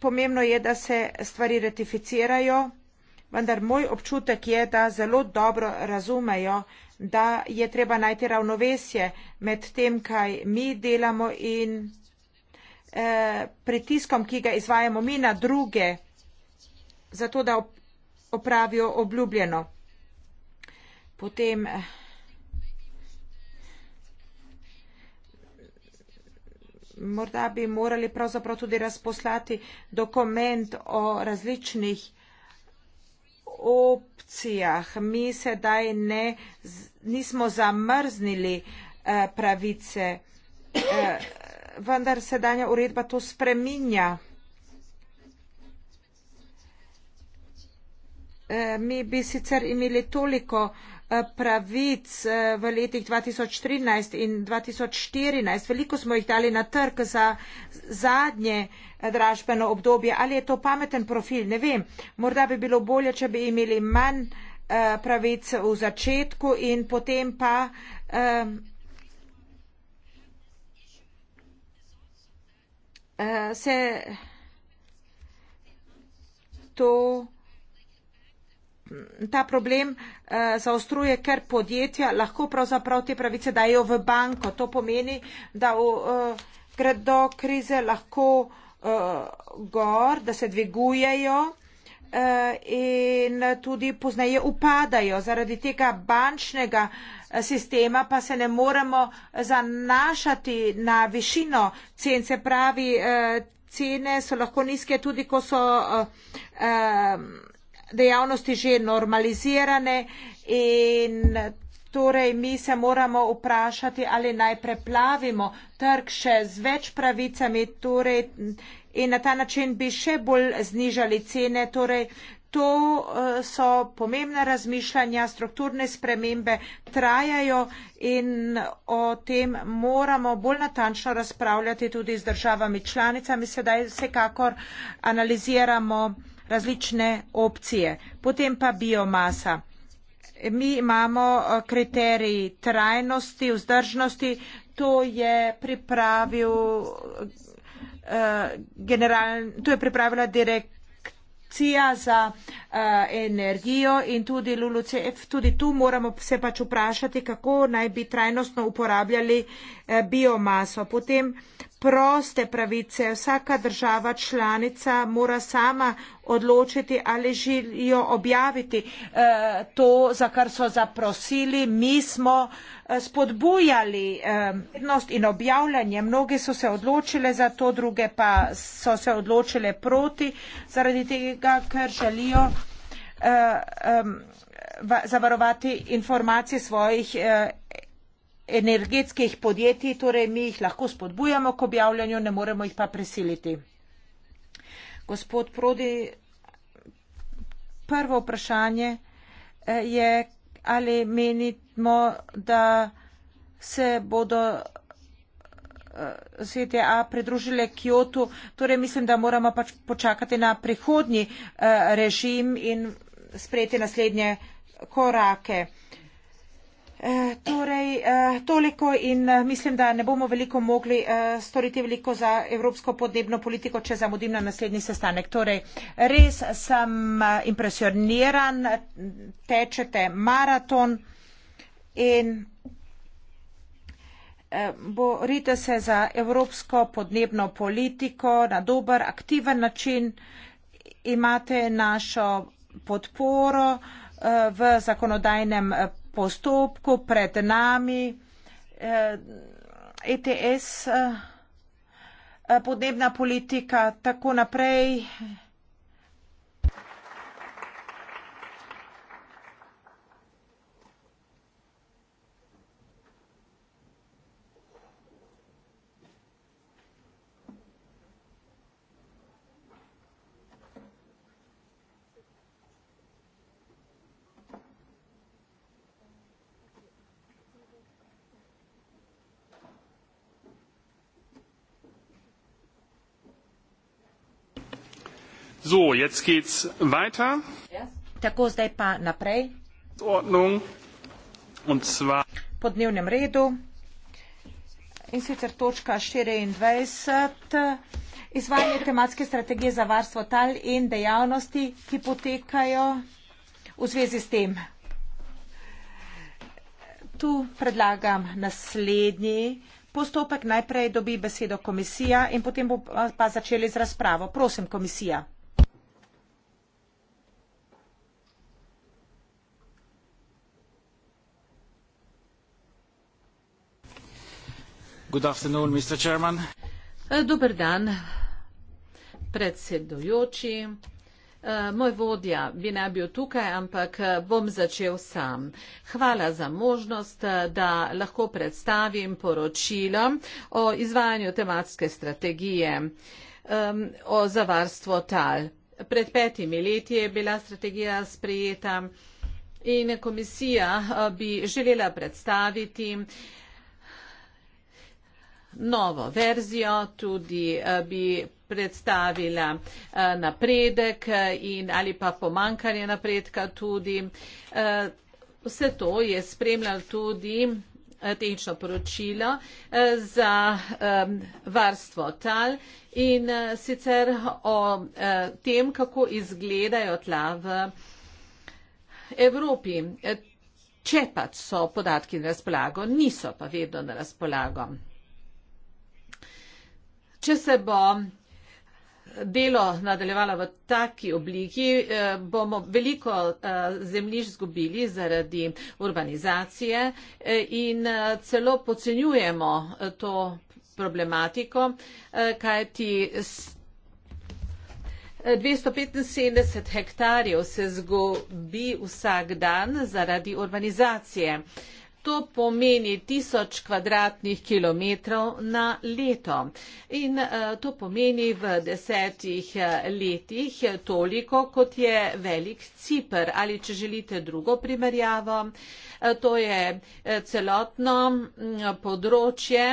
[SPEAKER 3] pomembno je, da se stvari ratificirajo vendar moj občutek je, da zelo dobro razumejo, da je treba najti ravnovesje med tem, kaj mi delamo in eh, pritiskom, ki ga izvajamo mi na druge, zato da opravijo obljubljeno. Potem eh, morda bi morali pravzaprav tudi razposlati dokument o različnih opcijah. Mi sedaj ne, nismo zamrznili eh, pravice, eh, vendar sedanja uredba to spreminja. Eh, mi bi sicer imeli toliko eh, pravic eh, v letih 2013 in 2014. Veliko smo jih dali na trg za zadnje eh, dražbeno obdobje. Ali je to pameten profil? Ne vem. Morda bi bilo bolje, če bi imeli manj eh, pravic v začetku in potem pa. Um, se to ta problem eh, zaostruje, ker podjetja lahko pravzaprav te pravice dajo v banko. To pomeni, da v, eh, gredo krize lahko eh, gor, da se dvigujejo eh, in tudi poznaje upadajo. Zaradi tega bančnega eh, sistema pa se ne moremo eh, zanašati na višino cen, se pravi, eh, cene so lahko nizke tudi, ko so. Eh, eh, dejavnosti že normalizirane in torej mi se moramo vprašati, ali naj preplavimo trg še z več pravicami torej, in na ta način bi še bolj znižali cene. Torej, to eh, so pomembna razmišljanja, strukturne spremembe trajajo in o tem moramo bolj natančno razpravljati tudi z državami članicami. Sedaj vsekakor analiziramo različne opcije. Potem pa biomasa. Mi imamo eh, kriterij trajnosti, vzdržnosti, to je pripravil eh, general, to je pripravila direkcija za uh, energijo in tudi LULUCF. Tudi tu moramo se pač vprašati, kako naj bi trajnostno uporabljali uh, biomaso. Potem proste pravice. Vsaka država članica mora sama odločiti, ali želijo objaviti eh, to, za kar so zaprosili. Mi smo eh, spodbujali eh, prednost in objavljanje. Mnogi so se odločili za to, druge pa so se odločili proti, zaradi tega, ker želijo zavarovati informacije svojih energetskih podjetij, torej mi jih lahko spodbujamo k objavljanju, ne moremo jih pa presiliti. Gospod Prodi, prvo vprašanje eh, je, ali menimo, da se bodo eh, ZDA pridružile Kyoto. Torej mislim, da moramo pač počakati na prihodnji eh, režim in sprejeti naslednje korake. Eh, torej, eh, toliko in eh, mislim, da ne bomo veliko mogli storiti veliko za evropsko podnebno politiko, če zamudim na naslednji sestanek. Torej, res sem impresioniran, tečete maraton in borite se za evropsko podnebno politiko na dober, aktiven način. Imate našo podporo v zakonodajnem postopku pred nami ETS, eh, e eh, eh, podnebna politika, tako naprej.
[SPEAKER 2] So, jetzt geht's weiter.
[SPEAKER 3] Tako, zdaj pa naprej.
[SPEAKER 2] Ordnung. Und zwar.
[SPEAKER 3] Po dnevnem redu. In sicer točka 24. Izvajanje tematske strategije za varstvo tal in dejavnosti, ki potekajo v zvezi s tem. Tu predlagam naslednji postopek. Najprej dobi besedo komisija in potem bomo pa začeli z razpravo. Prosim, komisija.
[SPEAKER 1] Eh, dober dan, predsedujoči. Eh, moj vodja bi naj bil tukaj, ampak eh, bom začel sam. Hvala za možnost, da lahko predstavim poročilo o izvajanju tematske strategije o zavarstvo tal. Pred petimi leti je bila strategija sprejeta in komisija bi želela predstaviti novo verzijo, tudi eh, bi predstavila eh, napredek eh, in ali pa pomankanje napredka tudi. Vse to je spremljal tudi tehnično poročilo za varstvo tal in sicer o tem, kako izgledajo tla v Evropi. Če pa so podatki na razpolago, niso pa vedno na razpolago. Če se bo delo nadaljevalo v taki obliki, eh, bomo veliko eh, zemljiš zgubili zaradi urbanizacije eh, in celo pocenjujemo to problematiko, kajti 275 hektarjev se zgubi vsak dan zaradi urbanizacije. To pomeni tisoč kvadratnih kilometrov na leto. In eh, to pomeni v desetih eh, letih toliko, kot je velik Cipr. Ali če želite drugo primerjavo, eh, to je celotno mm, področje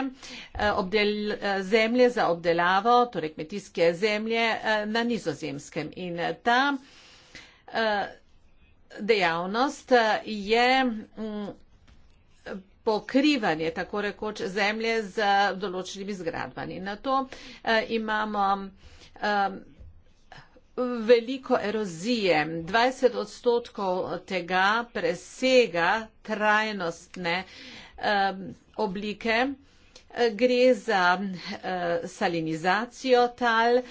[SPEAKER 1] zemlje za obdelavo, torej kmetijske zemlje na nizozemskem. In ta dejavnost je mm, pokrivanje tako rekoč zemlje z določenimi zgradbami. Na to eh, imamo eh, veliko erozije. 20 odstotkov tega presega trajnostne eh, oblike. Gre za salinizacijo tal.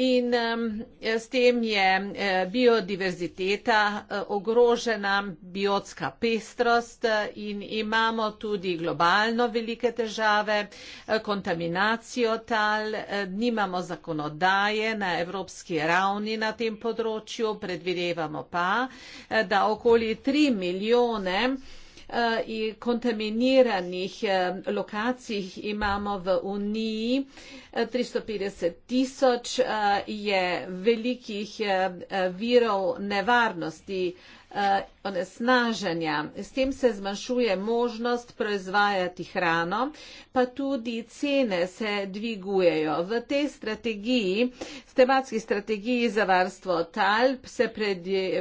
[SPEAKER 1] In um, s tem je eh, biodiverziteta eh, ogrožena, biotska pestrost eh, in imamo tudi globalno velike težave, kontaminacijo tal, nimamo zakonodaje na evropski ravni na tem področju, predvidevamo pa, da okoli tri milijone Eh, in kontaminiranih eh, lokacij imamo v Uniji. 350 eh, tisoč je velikih virov nevarnosti onesnaženja. S tem se zmanjšuje možnost proizvajati hrano, pa tudi cene se dvigujejo. V tej strategiji, tematski strategiji za varstvo tal, se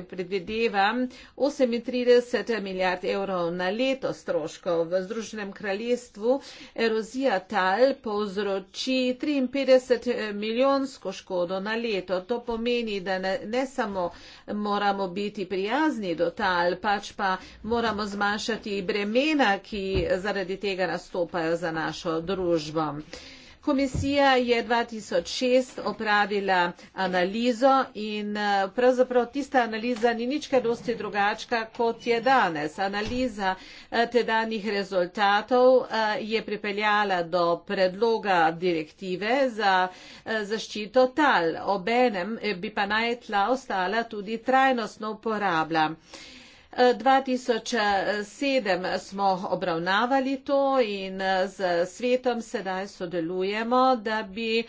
[SPEAKER 1] predvideva 38 milijard evrov na leto stroškov. V Združenem kraljestvu erozija tal povzroči 53 milijonsko škodo na leto. To pomeni, da ne, ne samo moramo biti prijazni do tal, ali pač pa moramo zmanjšati bremena, ki zaradi tega nastopajo za našo družbo. Komisija je 2006 opravila analizo in eh, pravzaprav tista analiza ni nič kaj dosti drugačka, kot je danes. Analiza eh, tedanjih rezultatov eh, je pripeljala do predloga direktive za zaščito tal. Obenem bi pa najtla ostala tudi trajnostno uporabla. 2007 smo obravnavali to in eh, z svetom sedaj sodelujemo, da bi eh,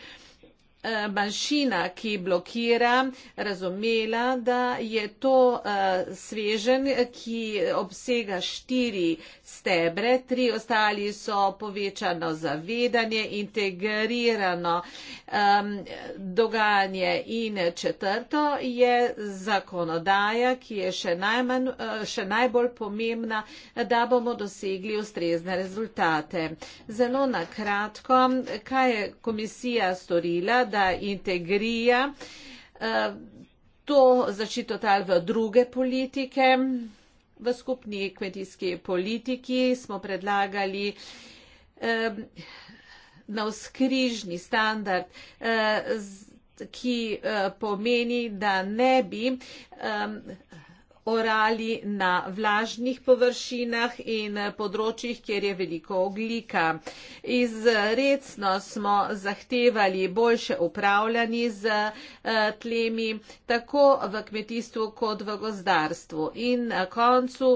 [SPEAKER 1] manjšina, ki blokira, razumela, da je to eh, svežen, ki obsega štiri stebre, tri ostali so povečano zavedanje, integrirano um, dogajanje in četrto je zakonodaja, ki je še, najmanj, uh, še najbolj pomembna, da bomo dosegli ustrezne rezultate. Zelo na kratko, kaj je komisija storila, da integrija uh, to začito tal v druge politike v skupni kmetijski politiki smo predlagali eh, nov skrižni standard, eh, ki eh, pomeni, da ne bi eh, orali na vlažnih površinah in področjih, kjer je veliko oglika. Izredno smo zahtevali boljše upravljanje z eh, tlemi, tako v kmetijstvu kot v gozdarstvu. In na koncu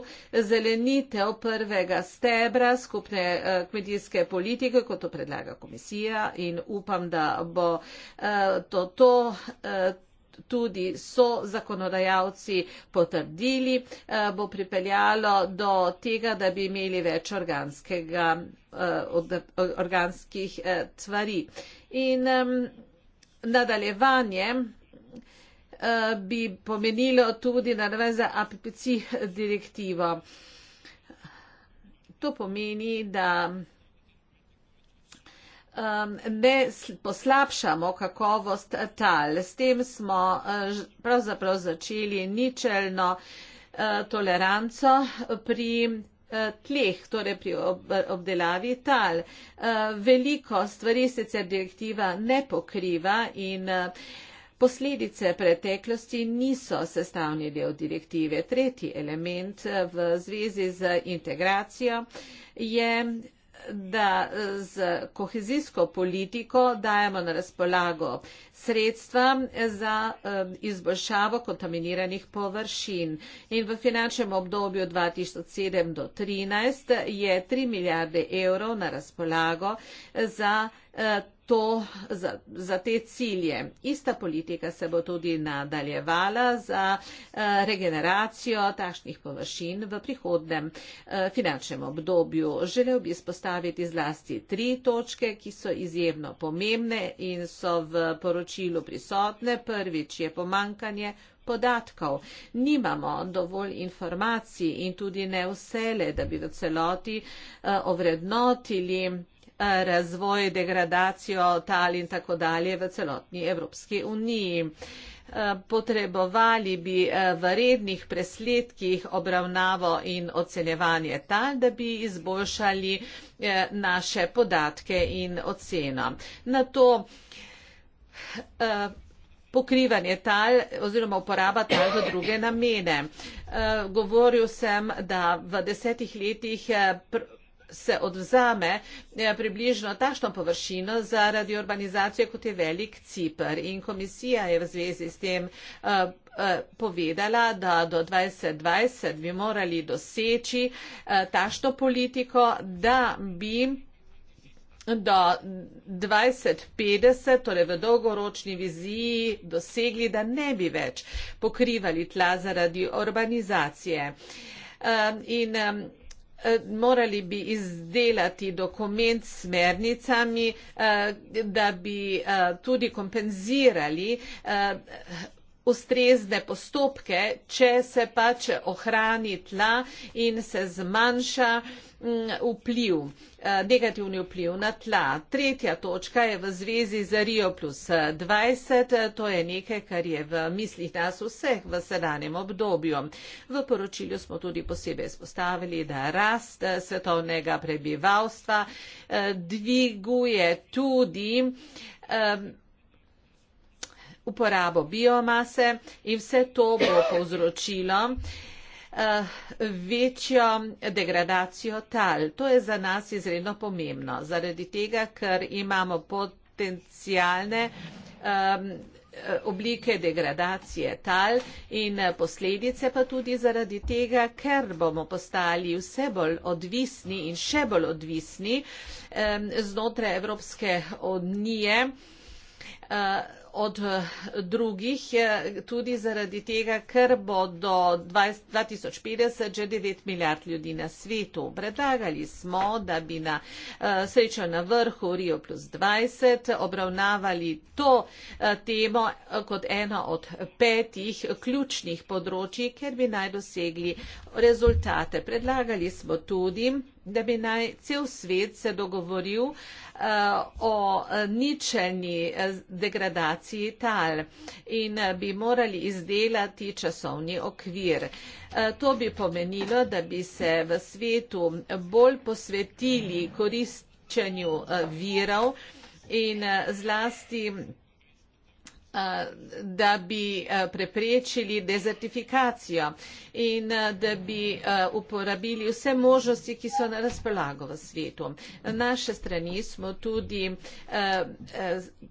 [SPEAKER 1] zelenitev prvega stebra skupne eh, kmetijske politike, kot to predlaga komisija in upam, da bo eh, to. to, to tudi so zakonodajalci potrdili, eh, bo pripeljalo do tega, da bi imeli več eh, organskih eh, tvari. In nadaljevanje bi pomenilo tudi na za APPC direktivo. To pomeni, da Um, ne poslabšamo kakovost tal. S tem smo uh, pravzaprav začeli ničelno uh, toleranco pri uh, tleh, torej pri obdelavi tal. Veliko stvari sicer direktiva ne pokriva in posledice preteklosti niso sestavni del direktive. Tretji element v zvezi z integracijo je da eh, z kohezijsko politiko dajemo na razpolago sredstva eh, za eh, izboljšavo kontaminiranih površin. In v finančnem obdobju 2007 do 2013 je 3 milijarde evrov na razpolago za to, za, za te cilje. Ista politika se bo tudi nadaljevala za eh, regeneracijo takšnih površin v prihodnem eh, finančnem obdobju. Želel bi izpostaviti zlasti tri točke, ki so izjemno pomembne in so v poročilu prisotne. Prvič je pomankanje podatkov. Nimamo dovolj informacij in tudi ne vsele, da bi v celoti eh, ovrednotili razvoj, degradacijo tal in tako dalje v celotni Evropski uniji. Eh, Potrebovali bi eh, v rednih presledkih obravnavo in ocenjevanje tal, da bi izboljšali eh, naše podatke in oceno. Na to pokrivanje tal oziroma uporaba tal v druge namene. Govoril sem, da v desetih letih pr se odvzame eh, približno tašno površino zaradi urbanizacije, kot je velik Cipr. In komisija je v zvezi s tem eh, eh, povedala, da do 2020 bi morali doseči tašno politiko, da bi do 2050, torej v dolgoročni viziji, dosegli, da ne bi več pokrivali tla zaradi urbanizacije. In Eh, morali bi izdelati dokument s smernicami, eh, da bi eh, tudi kompenzirali ustrezne postopke, če se pač ohrani tla in se zmanjša Mm, vpliv, eh, negativni vpliv na tla. Tretja točka je v zvezi z Rio plus 20, eh, eh, to je nekaj, kar je v mislih nas vseh v sedanjem obdobju. V poročilju smo tudi posebej spostavili, da rast svetovnega prebivalstva dviguje tudi uporabo biomase in vse to bo povzročilo Eh, večjo degradacijo tal. To je za nas izredno pomembno, zaradi tega, ker imamo potencijalne eh, oblike degradacije tal in eh, posledice pa tudi zaradi tega, ker bomo postali vse bolj odvisni in še bolj odvisni znotraj Evropske unije od eh, drugih, eh, tudi zaradi tega, ker bo do 2050 že 9 milijard ljudi na svetu. Predlagali smo, da bi na eh, srečo na vrhu Rio plus 20 obravnavali to temo kot eno od petih ključnih področji, ker bi naj dosegli rezultate. Predlagali smo tudi, da bi naj cel svet se dogovoril eh, o eh, ničelni eh, degradaciji tal in bi morali izdelati časovni okvir. To bi pomenilo, da bi se v svetu bolj posvetili koriščenju virov in zlasti Eh, da bi eh, preprečili dezertifikacijo in eh, da bi uporabili vse možnosti, ki so na razpolago v svetu. Naše strani smo tudi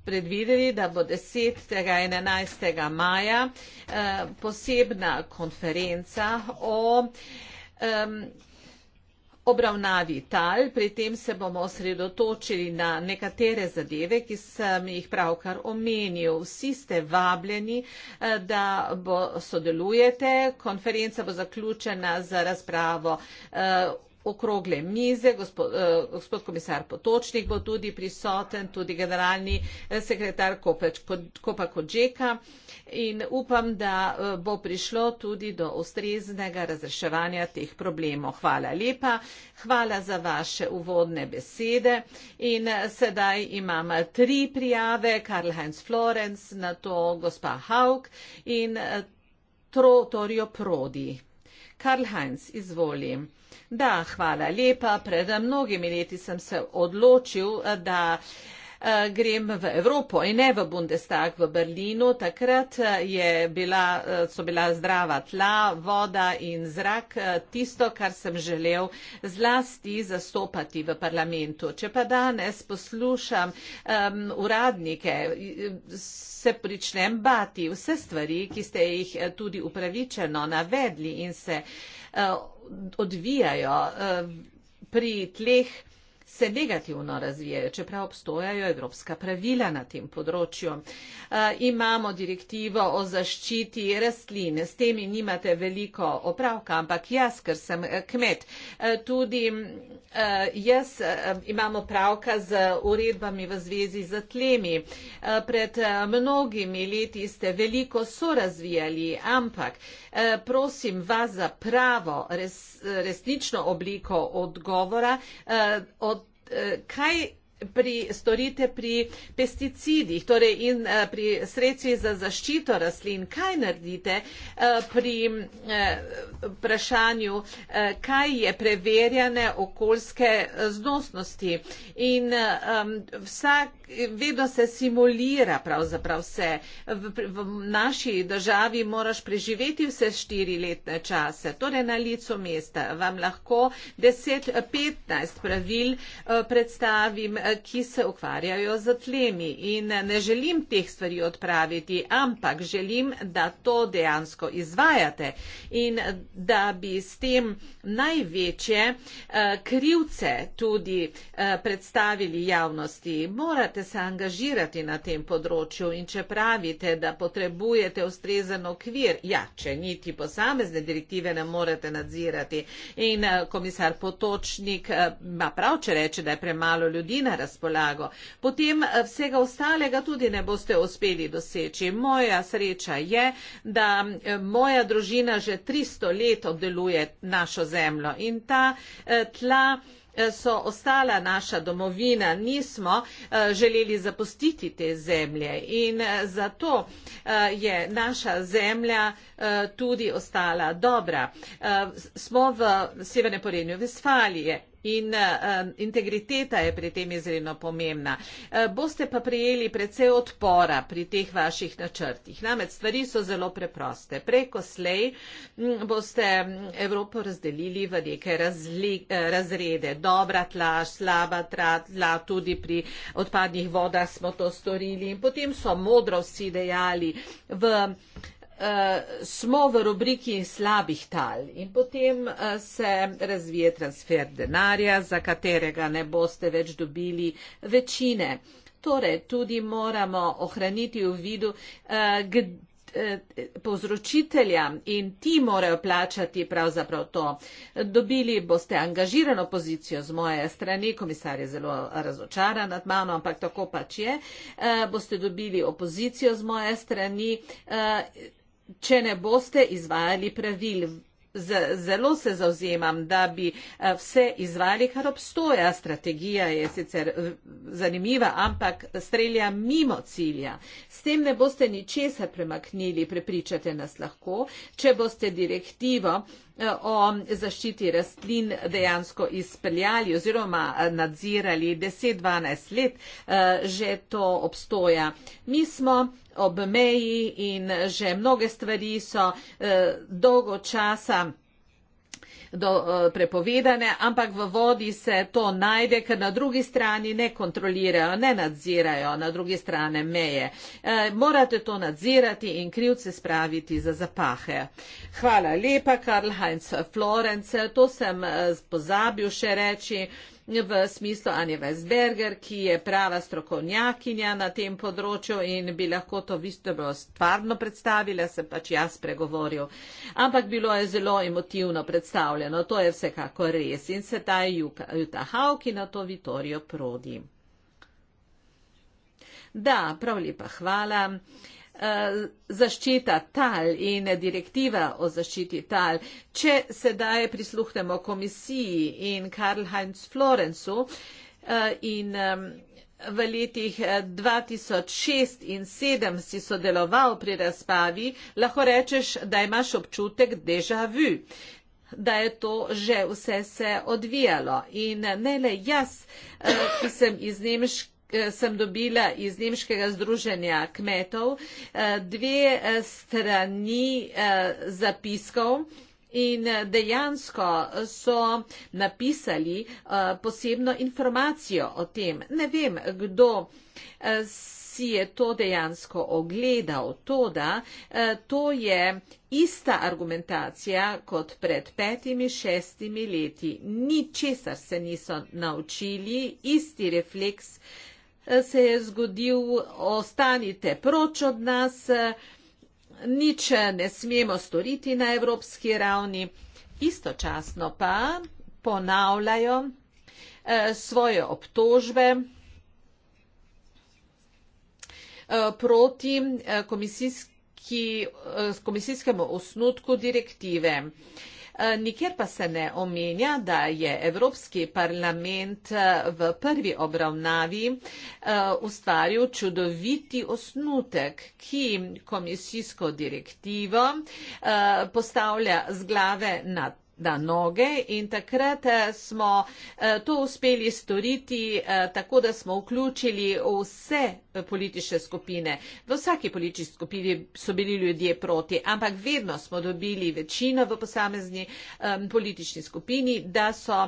[SPEAKER 1] predvideli, da bo 10. in 11. maja posebna konferenca o obravnavi tal, pri tem se bomo osredotočili na nekatere zadeve, ki sem jih pravkar omenil. Vsi ste vabljeni, eh, da bo sodelujete. Konferenca bo zaključena z razpravo eh, okrogle mize, gospod, eh, gospod komisar Potočnik bo tudi prisoten, tudi generalni eh, sekretar Kopa Kodžeka in upam, da eh, bo prišlo tudi do ustreznega razreševanja teh problemov. Hvala lepa, hvala za vaše uvodne besede in eh, sedaj imam tri prijave, Karl Heinz Florenc, na to gospa Hauk in Trotorio Prodi. Karl Heinz, izvolim. Da, hvala lepa. Pred mnogimi leti sem se odločil, da Eh, grem v Evropo in ne v Bundestag v Berlinu. Takrat eh, je bila, eh, so bila zdrava tla, voda in zrak tisto, kar sem želel zlasti zastopati v parlamentu. Če pa danes poslušam um, uradnike, se pričnem bati vse stvari, ki ste jih tudi upravičeno navedli in se uh, odvijajo uh, pri tleh, se negativno razvijajo, čeprav obstojajo evropska pravila na tem področju. E, imamo direktivo o zaščiti rastlin, s temi nimate veliko opravka, ampak jaz, ker sem eh, kmet, e, tudi e, jaz e, imamo opravka z uredbami v zvezi z tlemi. E, pred mnogimi leti ste veliko sorazvijali, ampak e, prosim vas za pravo res, resnično obliko odgovora. E, od Eh, kaj pri storite pri pesticidih torej in eh, pri sredstvi za zaščito rastlin, kaj naredite eh, pri eh, vprašanju, kaj je preverjane okoljske znosnosti. In ehm, vsak, vedno se simulira pravzaprav vse. V, v naši državi moraš preživeti vse štiri letne čase, torej na licu mesta. Vam lahko 10-15 pravil predstavim, ki se ukvarjajo z tlemi in ne želim teh stvari odpraviti, ampak želim, da to dejansko izvajate in da bi s tem največje eh, krivce tudi eh, predstavili javnosti. Morate se angažirati na tem področju in če pravite, da potrebujete ustrezen okvir, ja, če niti posamezne direktive ne morete nadzirati. In eh, komisar Potočnik ima prav, če reče, da je premalo ljudi na razpolago razpolago. Potem eh, vsega ostalega tudi ne boste uspeli doseči. Moja sreča je, da eh, moja družina že 300 let obdeluje našo zemljo in ta eh, tla so ostala naša domovina, nismo želeli zapustiti te zemlje in zato je naša zemlja tudi ostala dobra. Smo v Severne Porenju Vesfalije, in um, integriteta je pri tem izredno pomembna. Uh, boste pa prijeli predvsej odpora pri teh vaših načrtih. Namreč stvari so zelo preproste. Preko slej hm, boste hm, Evropo razdelili v neke razli, razrede. Dobra tla, slaba tla, tla, tudi pri odpadnih vodah smo to storili. In potem so modro vsi dejali v uh, uh, smo v rubriki slabih tal in potem uh, se razvije transfer denarja, za katerega ne boste več dobili večine. Torej, tudi moramo ohraniti v vidu uh, uh, povzročitelja in ti morajo plačati pravzaprav to. Dobili boste angažirano pozicijo z moje strani, komisar je zelo razočaran nad mano, ampak tako pač je. Uh, boste dobili opozicijo z moje strani. Uh, če ne boste izvajali pravil. Zelo se zavzemam, da bi eh, vse izvali, kar obstoja. Strategija je sicer eh, zanimiva, ampak strelja mimo cilja. S tem ne boste ničesar premaknili, prepričate nas lahko. Če boste direktivo Eh, o zaščiti rastlin dejansko izpeljali oziroma eh, nadzirali 10-12 let, eh, že to obstoja. Mi smo ob meji in že mnoge stvari so dolgo časa do, eh, prepovedane, ampak v vodi se to najde, ker na drugi strani ne kontrolirajo, ne nadzirajo na drugi strani meje. E, morate to nadzirati in krivce spraviti za zapahe. Hvala lepa, Karl Heinz Florence. To sem eh, pozabil še reči v smislu Anje Weisberger, ki je prava strokovnjakinja na tem področju in bi lahko to visto stvarno predstavila, se pač jaz pregovoril. Ampak bilo je zelo emotivno predstavljeno, to je vsekako res in se ta Juta Hauki na to Vitorijo prodi. Da, prav lepa hvala. Uh, Eh, zaščita tal in direktiva o zaščiti tal. Če sedaj prisluhnemo komisiji in Karl-Heinz Florencu eh, in eh, v letih 2006 in 2007 si sodeloval pri razpavi, lahko rečeš, da imaš občutek deja vu, da je to že vse se odvijalo. In ne le jaz, ki sem iz Nemške Eh, sem dobila iz Nemškega združenja kmetov eh, dve eh, strani zapiskov. In dejansko so napisali posebno informacijo o tem. Ne vem, kdo si je to dejansko ogledal, to da to je ista argumentacija kot pred petimi, šestimi leti. Ničesar se niso naučili, isti refleks se je zgodil, ostanite proč od nas, nič ne smemo storiti na evropski ravni. Istočasno pa ponavljajo eh, svoje obtožbe eh, proti eh, komisijski, komisijskemu osnutku direktive. Eh, nikjer pa se ne omenja, da je Evropski parlament eh, v prvi obravnavi eh, ustvaril čudoviti osnutek, ki komisijsko direktivo postavlja z glave na na noge in takrat eh, smo eh, to uspeli storiti eh, tako, da smo vključili vse politične skupine. V vsaki politični skupini so bili ljudje proti, ampak vedno smo dobili večino v posamezni politični skupini, da so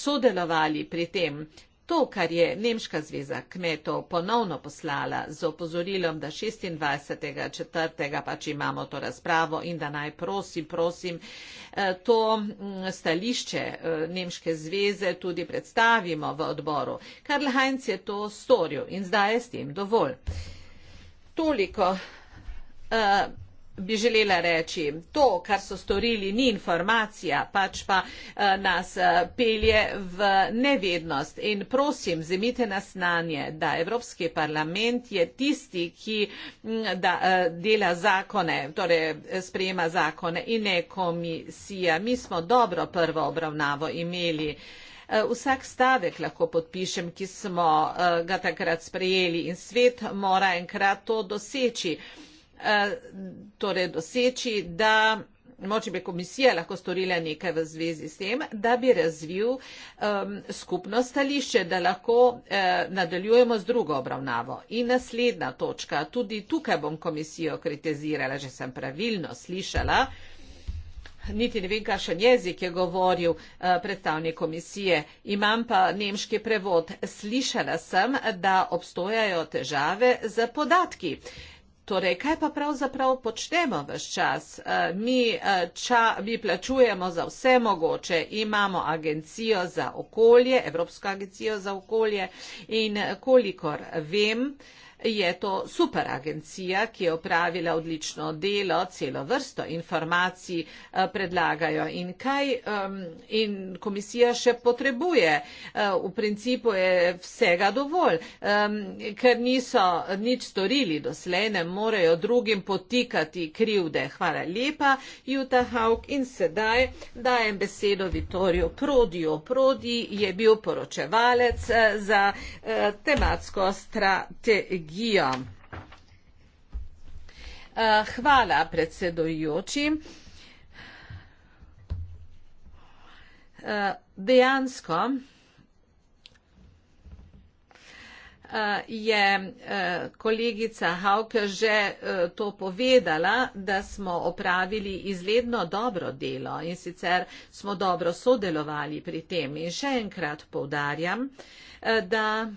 [SPEAKER 1] sodelovali pri tem. To, kar je Nemška zveza kmetov ponovno poslala z opozorilom, da 26.4. pač imamo to razpravo in da naj prosim, prosim, eh, to mm, stališče eh, Nemške zveze tudi predstavimo v odboru. Karl Heinz je to storil in zdaj je s tem dovolj. Toliko. Eh, bi želela reči, to, kar so storili, ni informacija, pač pa eh, nas eh, pelje v nevednost. In prosim, zemite nas znanje, da Evropski parlament je tisti, ki mm, da, eh, dela zakone, torej sprejema zakone in ne komisija. Mi smo dobro prvo obravnavo imeli. Vsak stavek lahko podpišem, ki smo ga takrat sprejeli in svet mora enkrat to doseči. Eh, torej doseči, da Moče bi komisija lahko storila nekaj v zvezi s tem, da bi razvil um, skupno stališče, da lahko eh, nadaljujemo z drugo obravnavo. In naslednja točka, tudi tukaj bom komisijo kritizirala, že sem pravilno slišala, niti ne vem, kakšen jezik je govoril eh, predstavnik komisije, imam pa nemški prevod, slišala sem, da obstojajo težave z podatki. Eh, Torej, kaj pa pravzaprav počnemo vse čas? Eh, mi, eh, ča, mi plačujemo za vse mogoče, imamo agencijo za okolje, Evropsko agencijo za okolje in eh, kolikor vem, je to super agencija, ki je opravila odlično delo, celo vrsto informacij eh, predlagajo in kaj in komisija še potrebuje. Eh, v principu je vsega dovolj, ker niso nič storili doslej, ne morejo drugim potikati krivde. Hvala lepa, Juta Hauk in sedaj dajem besedo Vitorju Prodiju. Prodi je bil poročevalec eh, za tematsko strategijo energijo. Eh, hvala, predsedojoči. Eh, dejansko eh, je kolegica Hauke že to povedala, da smo opravili izredno dobro delo in sicer smo dobro sodelovali pri tem. In še enkrat povdarjam, da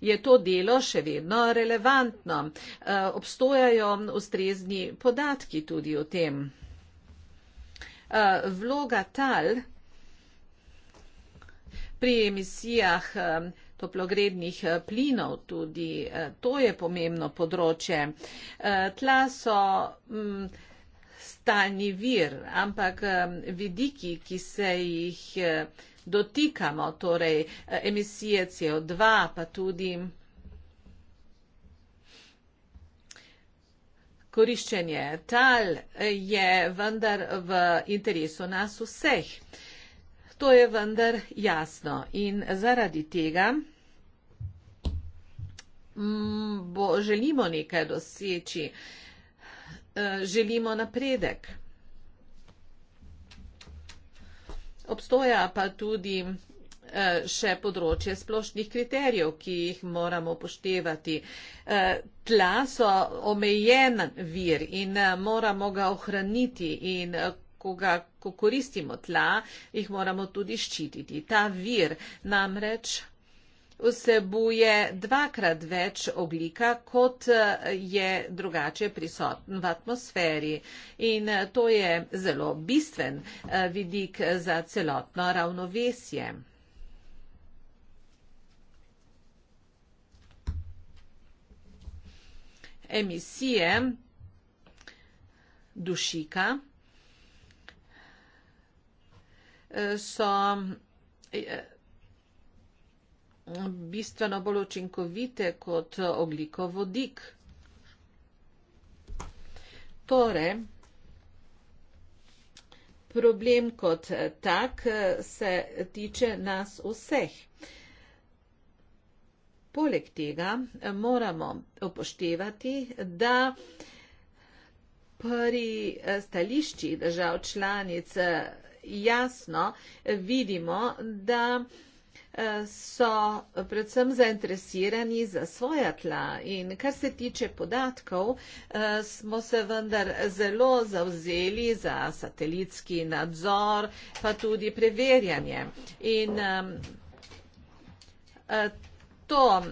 [SPEAKER 1] je to delo še vedno relevantno. Eh, obstojajo ustrezni podatki tudi o tem. Eh, vloga tal pri emisijah eh, toplogrednih plinov, tudi to je pomembno področje. Tla so mm, stalni vir, ampak vidiki, ki se jih dotikamo, torej eh, emisije CO2, pa tudi koriščenje tal eh, je vendar v interesu nas vseh. To je vendar jasno in zaradi tega mm, bo, želimo nekaj doseči, eh, želimo napredek. Obstoja pa tudi eh, še področje splošnih kriterijev, ki jih moramo upoštevati. Eh, tla so omejen vir in eh, moramo ga ohraniti in ko, ga, ko koristimo tla, jih moramo tudi ščititi. Ta vir namreč vsebuje dvakrat več oglika, kot eh, je drugače prisoten v atmosferi. In eh, to je zelo bistven eh, vidik za celotno ravnovesje. Emisije dušika so bistveno bolj učinkovite kot oglikovodik. Torej, problem kot tak eh, se tiče nas vseh. Poleg tega eh, moramo upoštevati, da pri eh, stališčih držav članic jasno vidimo, da so predvsem zainteresirani za svoja tla in kar se tiče podatkov, eh, smo se vendar zelo zauzeli za satelitski nadzor, pa tudi preverjanje. In eh, eh, to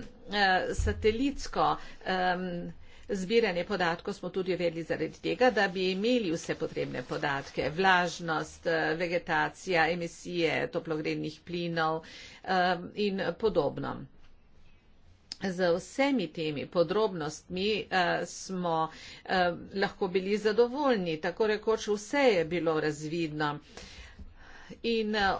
[SPEAKER 1] satelitsko nadzor, zbiranje podatkov smo tudi uvedli zaradi tega, da bi imeli vse potrebne podatke, vlažnost, eh, vegetacija, emisije toplogrednih plinov eh, in podobno. Z vsemi temi podrobnostmi eh, smo eh, lahko bili zadovoljni, tako rekoč vse je bilo razvidno. In eh,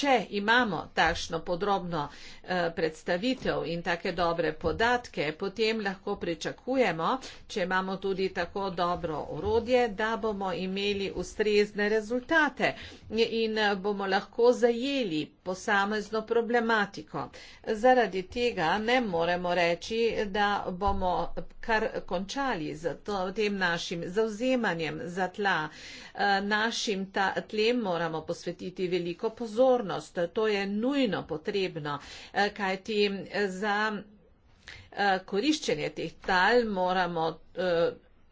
[SPEAKER 1] če imamo takšno podrobno eh, predstavitev in take dobre podatke, potem lahko pričakujemo, če imamo tudi tako dobro orodje, da bomo imeli ustrezne rezultate in eh, bomo lahko zajeli posamezno problematiko. Zaradi tega ne moremo reči, da bomo kar končali z tem našim zauzemanjem za tla. Eh, našim tlem moramo posvetiti veliko pozornosti pozornost. To je nujno potrebno, eh, kajti eh, za eh, koriščenje teh tal moramo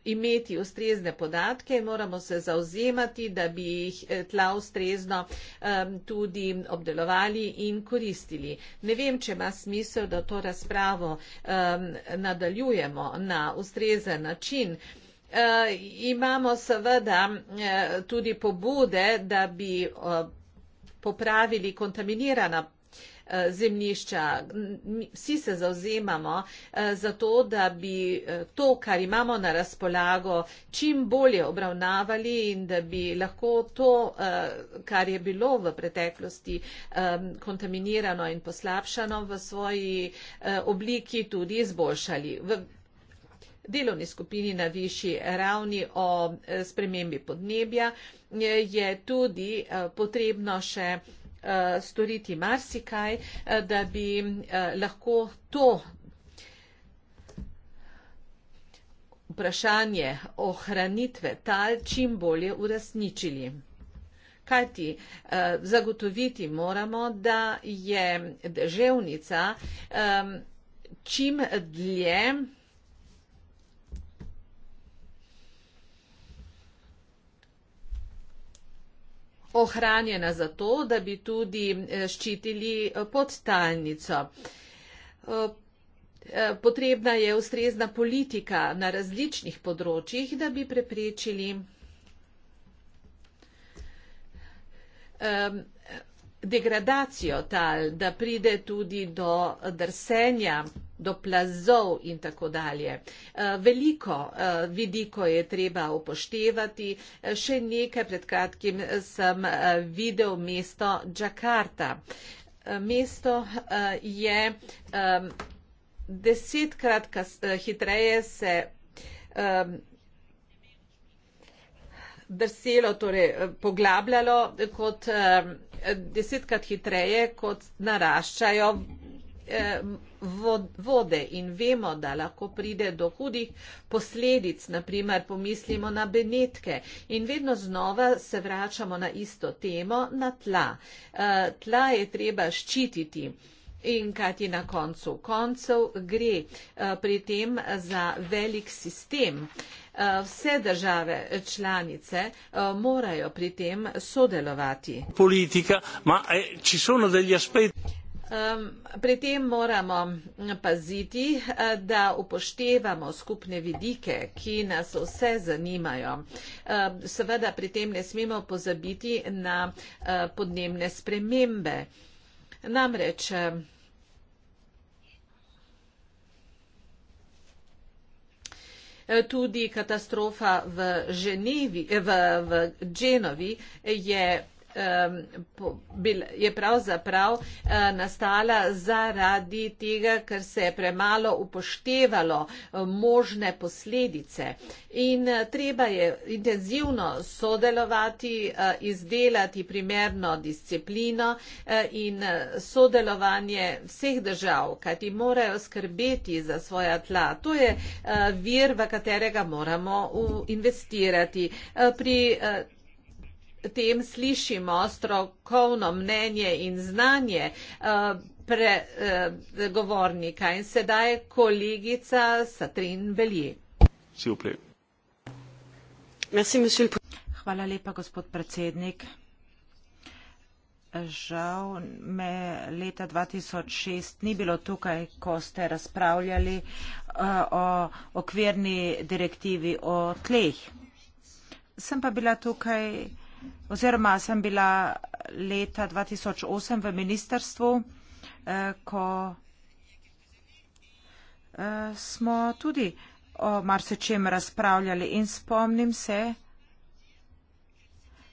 [SPEAKER 1] imeti ustrezne podatke in moramo se zauzemati, da bi jih tla ustrezno tudi obdelovali in koristili. Ne vem, če ima smisel, da to razpravo nadaljujemo na ustrezen način. Imamo seveda tudi pobude, da bi popravili kontaminirana eh, zemljišča. Vsi se zauzemamo eh, za to, da bi eh, to, kar imamo na razpolago, čim bolje obravnavali in da bi lahko to, kar je bilo v preteklosti kontaminirano in poslabšano v svoji obliki, tudi izboljšali. V delovni skupini na višji ravni o e, spremembi podnebja e, je tudi e, potrebno še storiti marsikaj, da bi lahko to vprašanje ohranitve tal čim bolje uresničili. Kajti zagotoviti moramo, da je deževnica čim dlje ohranjena zato, da bi tudi eh, ščitili eh, podtalnico. Eh, potrebna je ustrezna politika na različnih področjih, da bi preprečili degradacijo tal, da pride tudi do drsenja, do plazov in tako dalje. Eh, veliko eh, vidiko je treba upoštevati. Eh, še nekaj pred kratkim sem videl mesto Džakarta. Mesto je desetkrat hitreje se drselo, torej eh, poglabljalo kot eh, desetkrat hitreje, kot naraščajo eh, vode in vemo, da lahko pride do hudih posledic, naprimer pomislimo na benetke in vedno znova se vračamo na isto temo, na tla. Tla je treba ščititi. In kaj ti na koncu? Koncev gre pri tem za velik sistem. Eh, vse države članice eh, morajo pri tem sodelovati.
[SPEAKER 2] Politika, ma eh, ci sono degli aspetti.
[SPEAKER 1] Um, pri tem moramo mm, paziti, da upoštevamo skupne vidike, ki nas vse zanimajo. Um, seveda pri tem ne smemo pozabiti na uh, podnebne spremembe. Namreč, um, Eh, tudi katastrofa v Ženevi, eh, v, v Genovi je je pravzaprav eh, nastala zaradi tega, ker se je premalo upoštevalo eh, možne posledice. In eh, treba je intenzivno sodelovati, izdelati primerno disciplino in sodelovanje vseh držav, kajti morajo skrbeti za svoja tla. To je vir, v katerega moramo investirati. Pri tem slišimo strokovno mnenje in znanje eh, pregovornika. Eh, in sedaj kolegica Satrin
[SPEAKER 3] Velji. Hvala lepa, gospod predsednik. Žal me leta 2006 ni bilo tukaj, ko ste razpravljali eh, o okvirni direktivi o tleh. Sem pa bila tukaj oziroma sem bila leta 2008 v ministerstvu, eh, ko eh, smo tudi o marsičem razpravljali in spomnim se,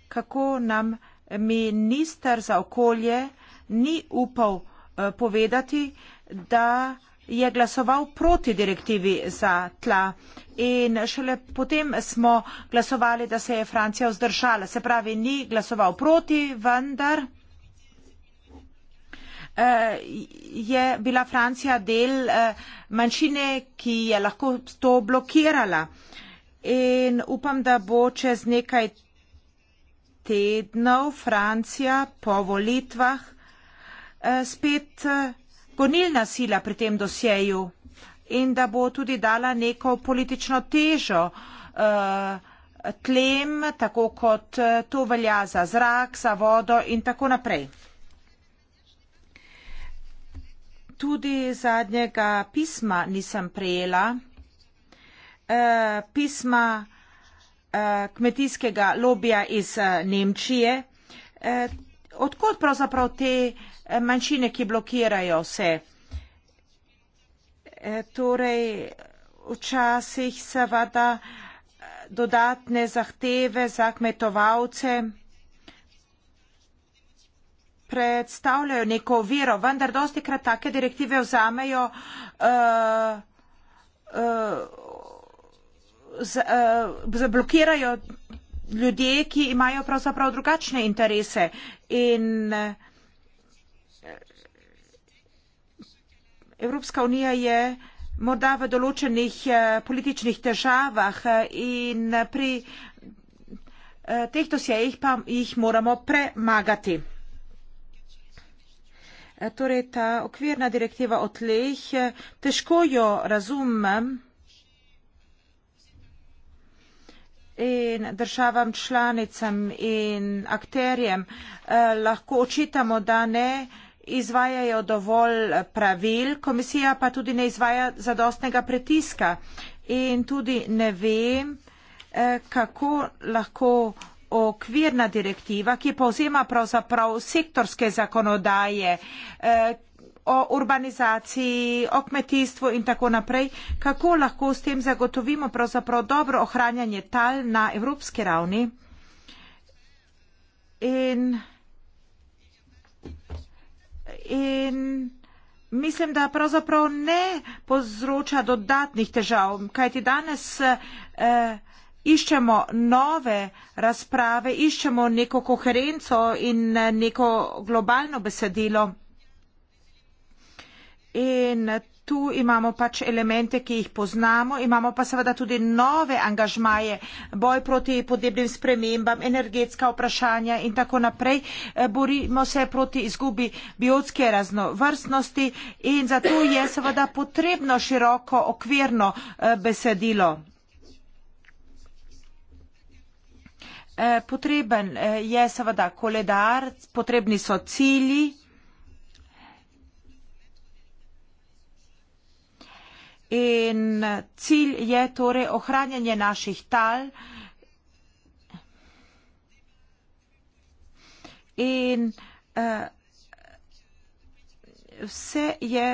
[SPEAKER 3] kako nam minister za okolje ni upal eh, povedati, da je glasoval proti direktivi za tla in šele potem smo glasovali, da se je Francija vzdržala. Se pravi, ni glasoval proti, vendar eh, je bila Francija del eh, manjšine, ki je lahko to blokirala. In upam, da bo čez nekaj tednov Francija po volitvah eh, spet vzdržala gonilna sila pri tem dosjeju in da bo tudi dala neko politično težo eh, tlem, tako kot eh, to velja za zrak, za vodo in tako naprej. Tudi zadnjega pisma nisem prejela. Eh, pisma kmetijskega lobija iz Nemčije. Odkot pravzaprav te manjšine, ki blokirajo vse. E, torej, včasih seveda dodatne zahteve za kmetovalce predstavljajo neko viro, vendar dosti krat take direktive vzamejo uh, uh, z, uh, zablokirajo ljudje, ki imajo pravzaprav drugačne interese in uh, Evropska unija je morda v določenih eh, političnih težavah eh, in pri eh, teh dosjejih pa jih moramo premagati. Torej, ta okvirna direktiva o tleh, težko jo razumem in državam članicam in akterjem eh, lahko očitamo, da ne eh, izvajajo dovolj pravil, komisija pa tudi ne izvaja zadostnega pritiska in tudi ne ve, eh, kako lahko okvirna direktiva, ki povzema pravzaprav sektorske zakonodaje eh, o urbanizaciji, o kmetijstvu in tako naprej, kako lahko s tem zagotovimo pravzaprav dobro ohranjanje tal na evropski ravni. In in mislim, da pravzaprav ne povzroča dodatnih težav, kajti danes eh, iščemo nove razprave, iščemo neko koherenco in eh, neko globalno besedilo. In tu imamo pač elemente, ki jih poznamo, imamo pa seveda tudi nove angažmaje, boj proti podnebnim spremembam, energetska vprašanja in tako naprej. Eh, borimo se proti izgubi biotske raznovrstnosti in zato je seveda potrebno široko okvirno eh, besedilo. Eh, potreben je seveda koledar, potrebni so cilji. in cilj je torej ohranjanje naših tal in uh, vse je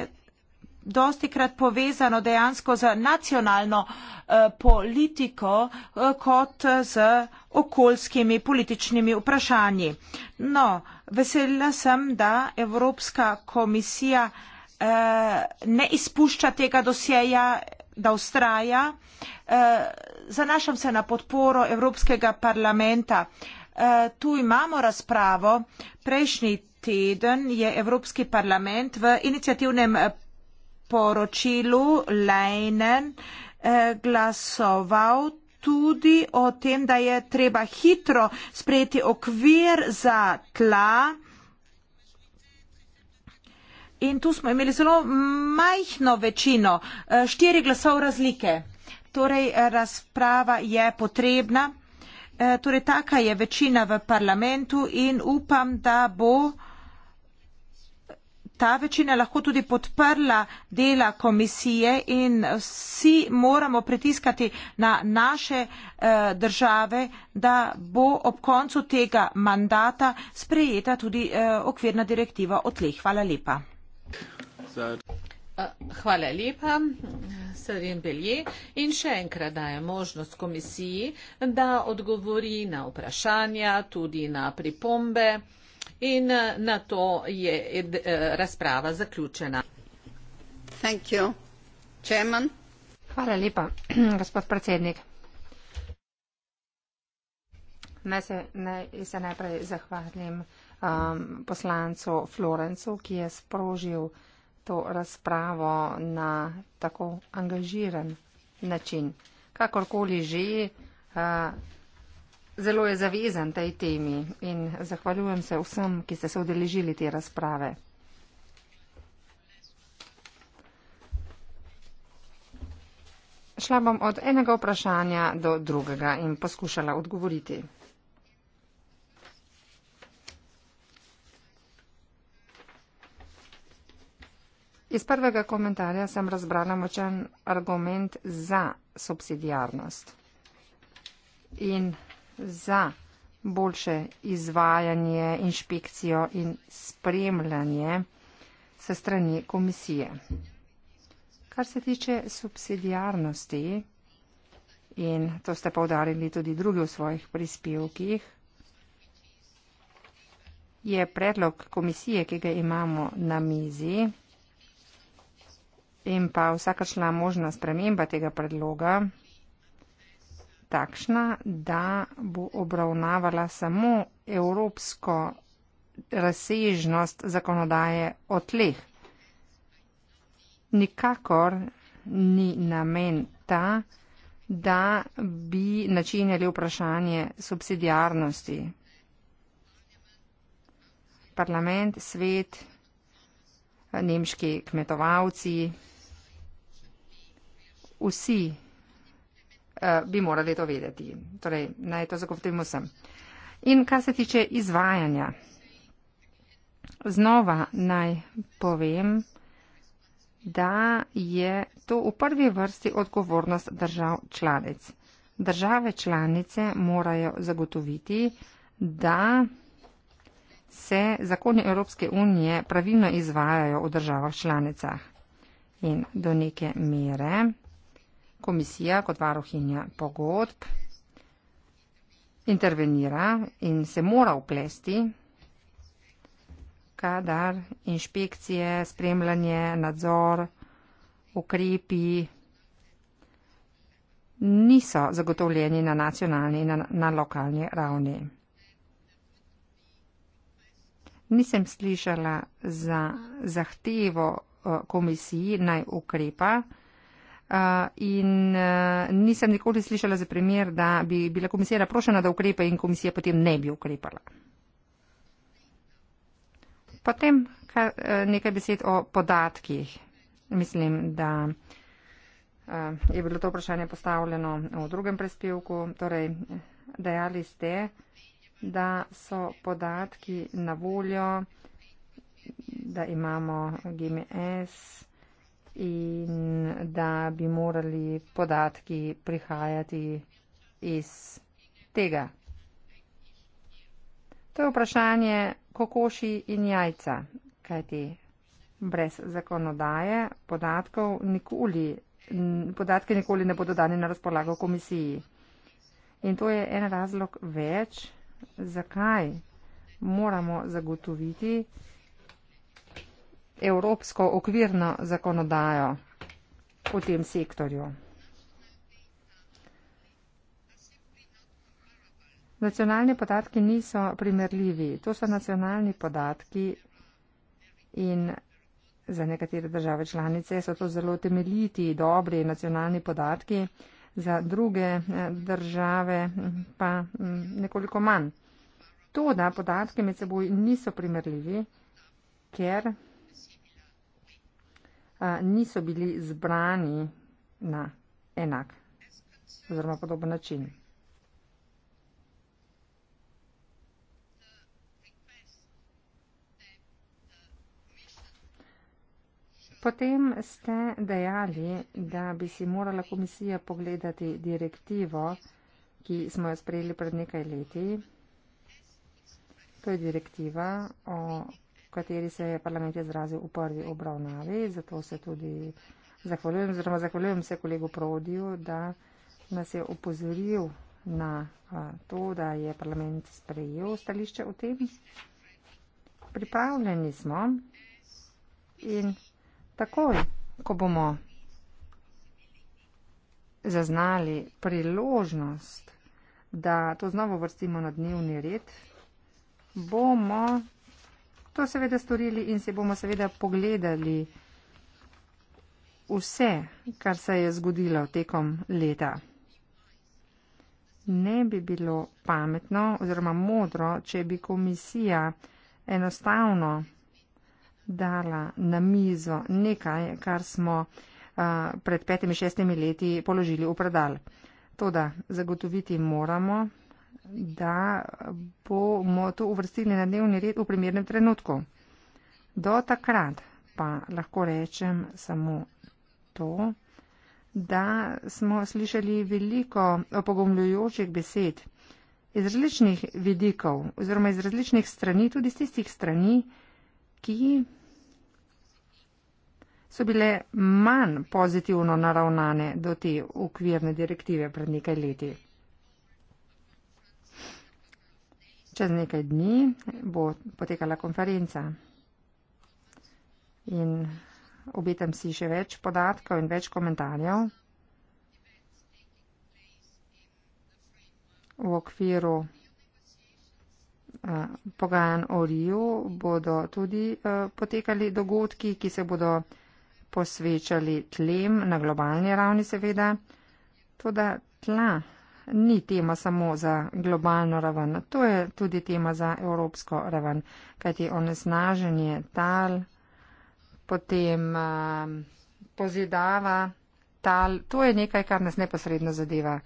[SPEAKER 3] dosti krat povezano dejansko z nacionalno uh, politiko uh, kot z okoljskimi političnimi vprašanji. No, vesela sem, da Evropska komisija uh, Eh, ne izpušča tega dosjeja, da ustraja. Eh, zanašam se na podporo Evropskega parlamenta. Eh, tu imamo razpravo. Prejšnji teden je Evropski parlament v inicijativnem poročilu Leinen glasoval tudi o tem, da je treba hitro sprejeti okvir za tla, In tu smo imeli zelo majhno večino, eh, štiri glasov razlike. Torej, razprava je potrebna. Eh, torej, taka je večina v parlamentu in upam, da bo ta večina lahko tudi podprla dela komisije in vsi moramo pritiskati na naše eh, države, da bo ob koncu tega mandata sprejeta tudi okvirna direktiva o tleh. Hvala lepa that.
[SPEAKER 1] Uh, hvala lepa, Sarin Belje. In še enkrat daje možnost komisiji, da odgovori na vprašanja, tudi na pripombe. In uh, na to je ed, uh, razprava zaključena.
[SPEAKER 2] Thank you. Chairman. Hvala lepa, [CLEARS THROAT] gospod predsednik. Naj se, naj se najprej zahvalim um, poslancu Florencu, ki je sprožil to razpravo na tako angažiran način. Kakorkoli že, zelo je zavezan tej temi in zahvaljujem se vsem, ki ste se odeležili te razprave. Šla bom od enega vprašanja do drugega in poskušala odgovoriti. Iz prvega komentarja sem razbrala močan argument za subsidijarnost in za boljše izvajanje, inšpekcijo in spremljanje se strani komisije. Kar se tiče subsidijarnosti, in to ste povdarili tudi drugi v svojih prispevkih, je predlog komisije, ki ga imamo na mizi, in pa vsakačna možna sprememba tega predloga takšna, da bo obravnavala samo evropsko razsežnost zakonodaje o tleh. Nikakor ni namen ta, da bi načinjali vprašanje subsidijarnosti. Parlament, svet, nemški kmetovalci, vsi eh, bi morali to vedeti. Torej, naj to zagotovimo vsem. In kar se tiče izvajanja, znova naj povem, da je to v prvi vrsti odgovornost držav članic. Države članice morajo zagotoviti, da se zakoni Evropske unije pravilno izvajajo v državah članicah. In do neke mere komisija kot varuhinja pogodb intervenira in se mora uplesti, kadar inšpekcije, spremljanje, nadzor, ukrepi niso zagotovljeni na nacionalni in na, na lokalni ravni. Nisem slišala za zahtevo eh, komisiji naj ukrepa, Uh, in uh, nisem nikoli slišala za primer, da bi bila komisija naprošena, da ukrepe in komisija potem ne bi ukrepala. Potem kar, uh, nekaj besed o podatkih. Mislim, da uh, je bilo to vprašanje postavljeno v drugem prispevku. Torej, dejali ste, da so podatki na voljo, da imamo GMS in da bi morali podatki prihajati iz tega. To je vprašanje kokoši in jajca, kajti brez zakonodaje podatkov nikoli, podatke nikoli ne bodo dani na razpolago komisiji. In to je en razlog več, zakaj moramo zagotoviti, evropsko okvirno zakonodajo v tem sektorju. Nacionalni podatki niso primerljivi. To so nacionalni podatki in za nekatere države članice so to zelo temeljiti, dobri nacionalni podatki, za druge eh, države hm, pa hm, nekoliko manj. To, da podatke med seboj niso primerljivi, ker niso bili zbrani na enak oziroma podoben način. Potem ste dejali, da bi si morala komisija pogledati direktivo, ki smo jo sprejeli pred nekaj leti. To je direktiva o v kateri se je parlament izrazil v prvi obravnavi. Zato se tudi zahvaljujem, oziroma zahvaljujem se kolegu Prodiju, da nas je opozoril na to, da je parlament sprejel stališče o tem. Pripravljeni smo in takoj, ko bomo zaznali priložnost, da to znovo vrstimo na dnevni red, bomo to seveda storili in si bomo seveda pogledali vse, kar se je zgodilo tekom leta. Ne bi bilo pametno oziroma modro, če bi komisija enostavno dala na mizo nekaj, kar smo uh, pred petimi, šestimi leti položili v predal. Toda zagotoviti moramo, da bomo to uvrstili na dnevni red v primernem trenutku. Do takrat pa lahko rečem samo to, da smo slišali veliko opogumljujočih besed iz različnih vidikov oziroma iz različnih strani, tudi iz tistih strani, ki so bile manj pozitivno naravnane do te ukvirne direktive pred nekaj leti. Čez nekaj dni bo potekala konferenca in obetam si še več podatkov in več komentarjev v okviru. Eh, Pogajan o Riju bodo tudi eh, potekali dogodki, ki se bodo posvečali tlem na globalni ravni, seveda. Toda tla ni tema samo za globalno raven, to je tudi tema za evropsko raven, kajti onesnaženje tal, potem um, pozidava tal, to je nekaj, kar nas neposredno zadeva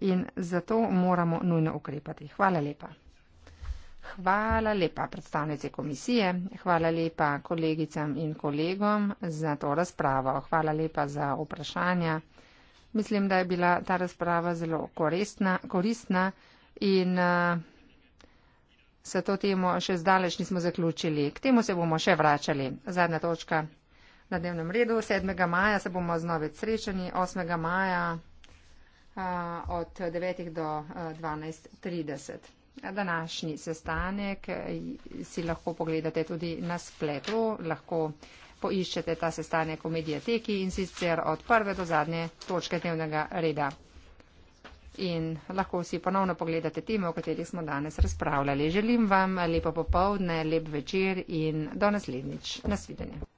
[SPEAKER 2] in zato moramo nujno ukrepati. Hvala lepa. Hvala lepa predstavnici komisije, hvala lepa kolegicam in kolegom za to razpravo, hvala lepa za vprašanja. Mislim, da je bila ta razprava zelo koristna, koristna in uh, eh, se to temo še zdaleč nismo zaključili. K temu se bomo še vračali. Zadnja točka na dnevnem redu. 7. maja se bomo znovec srečani. 8. maja uh, od 9. do uh, eh, 12.30. Današnji sestanek si lahko pogledate tudi na spletu, lahko poiščete ta sestanek v medijateki in sicer od prve do zadnje točke dnevnega reda. In lahko vsi ponovno pogledate teme, o katerih smo danes razpravljali. Želim vam lepo popovdne, lep večer in do naslednjič. Nasvidenje.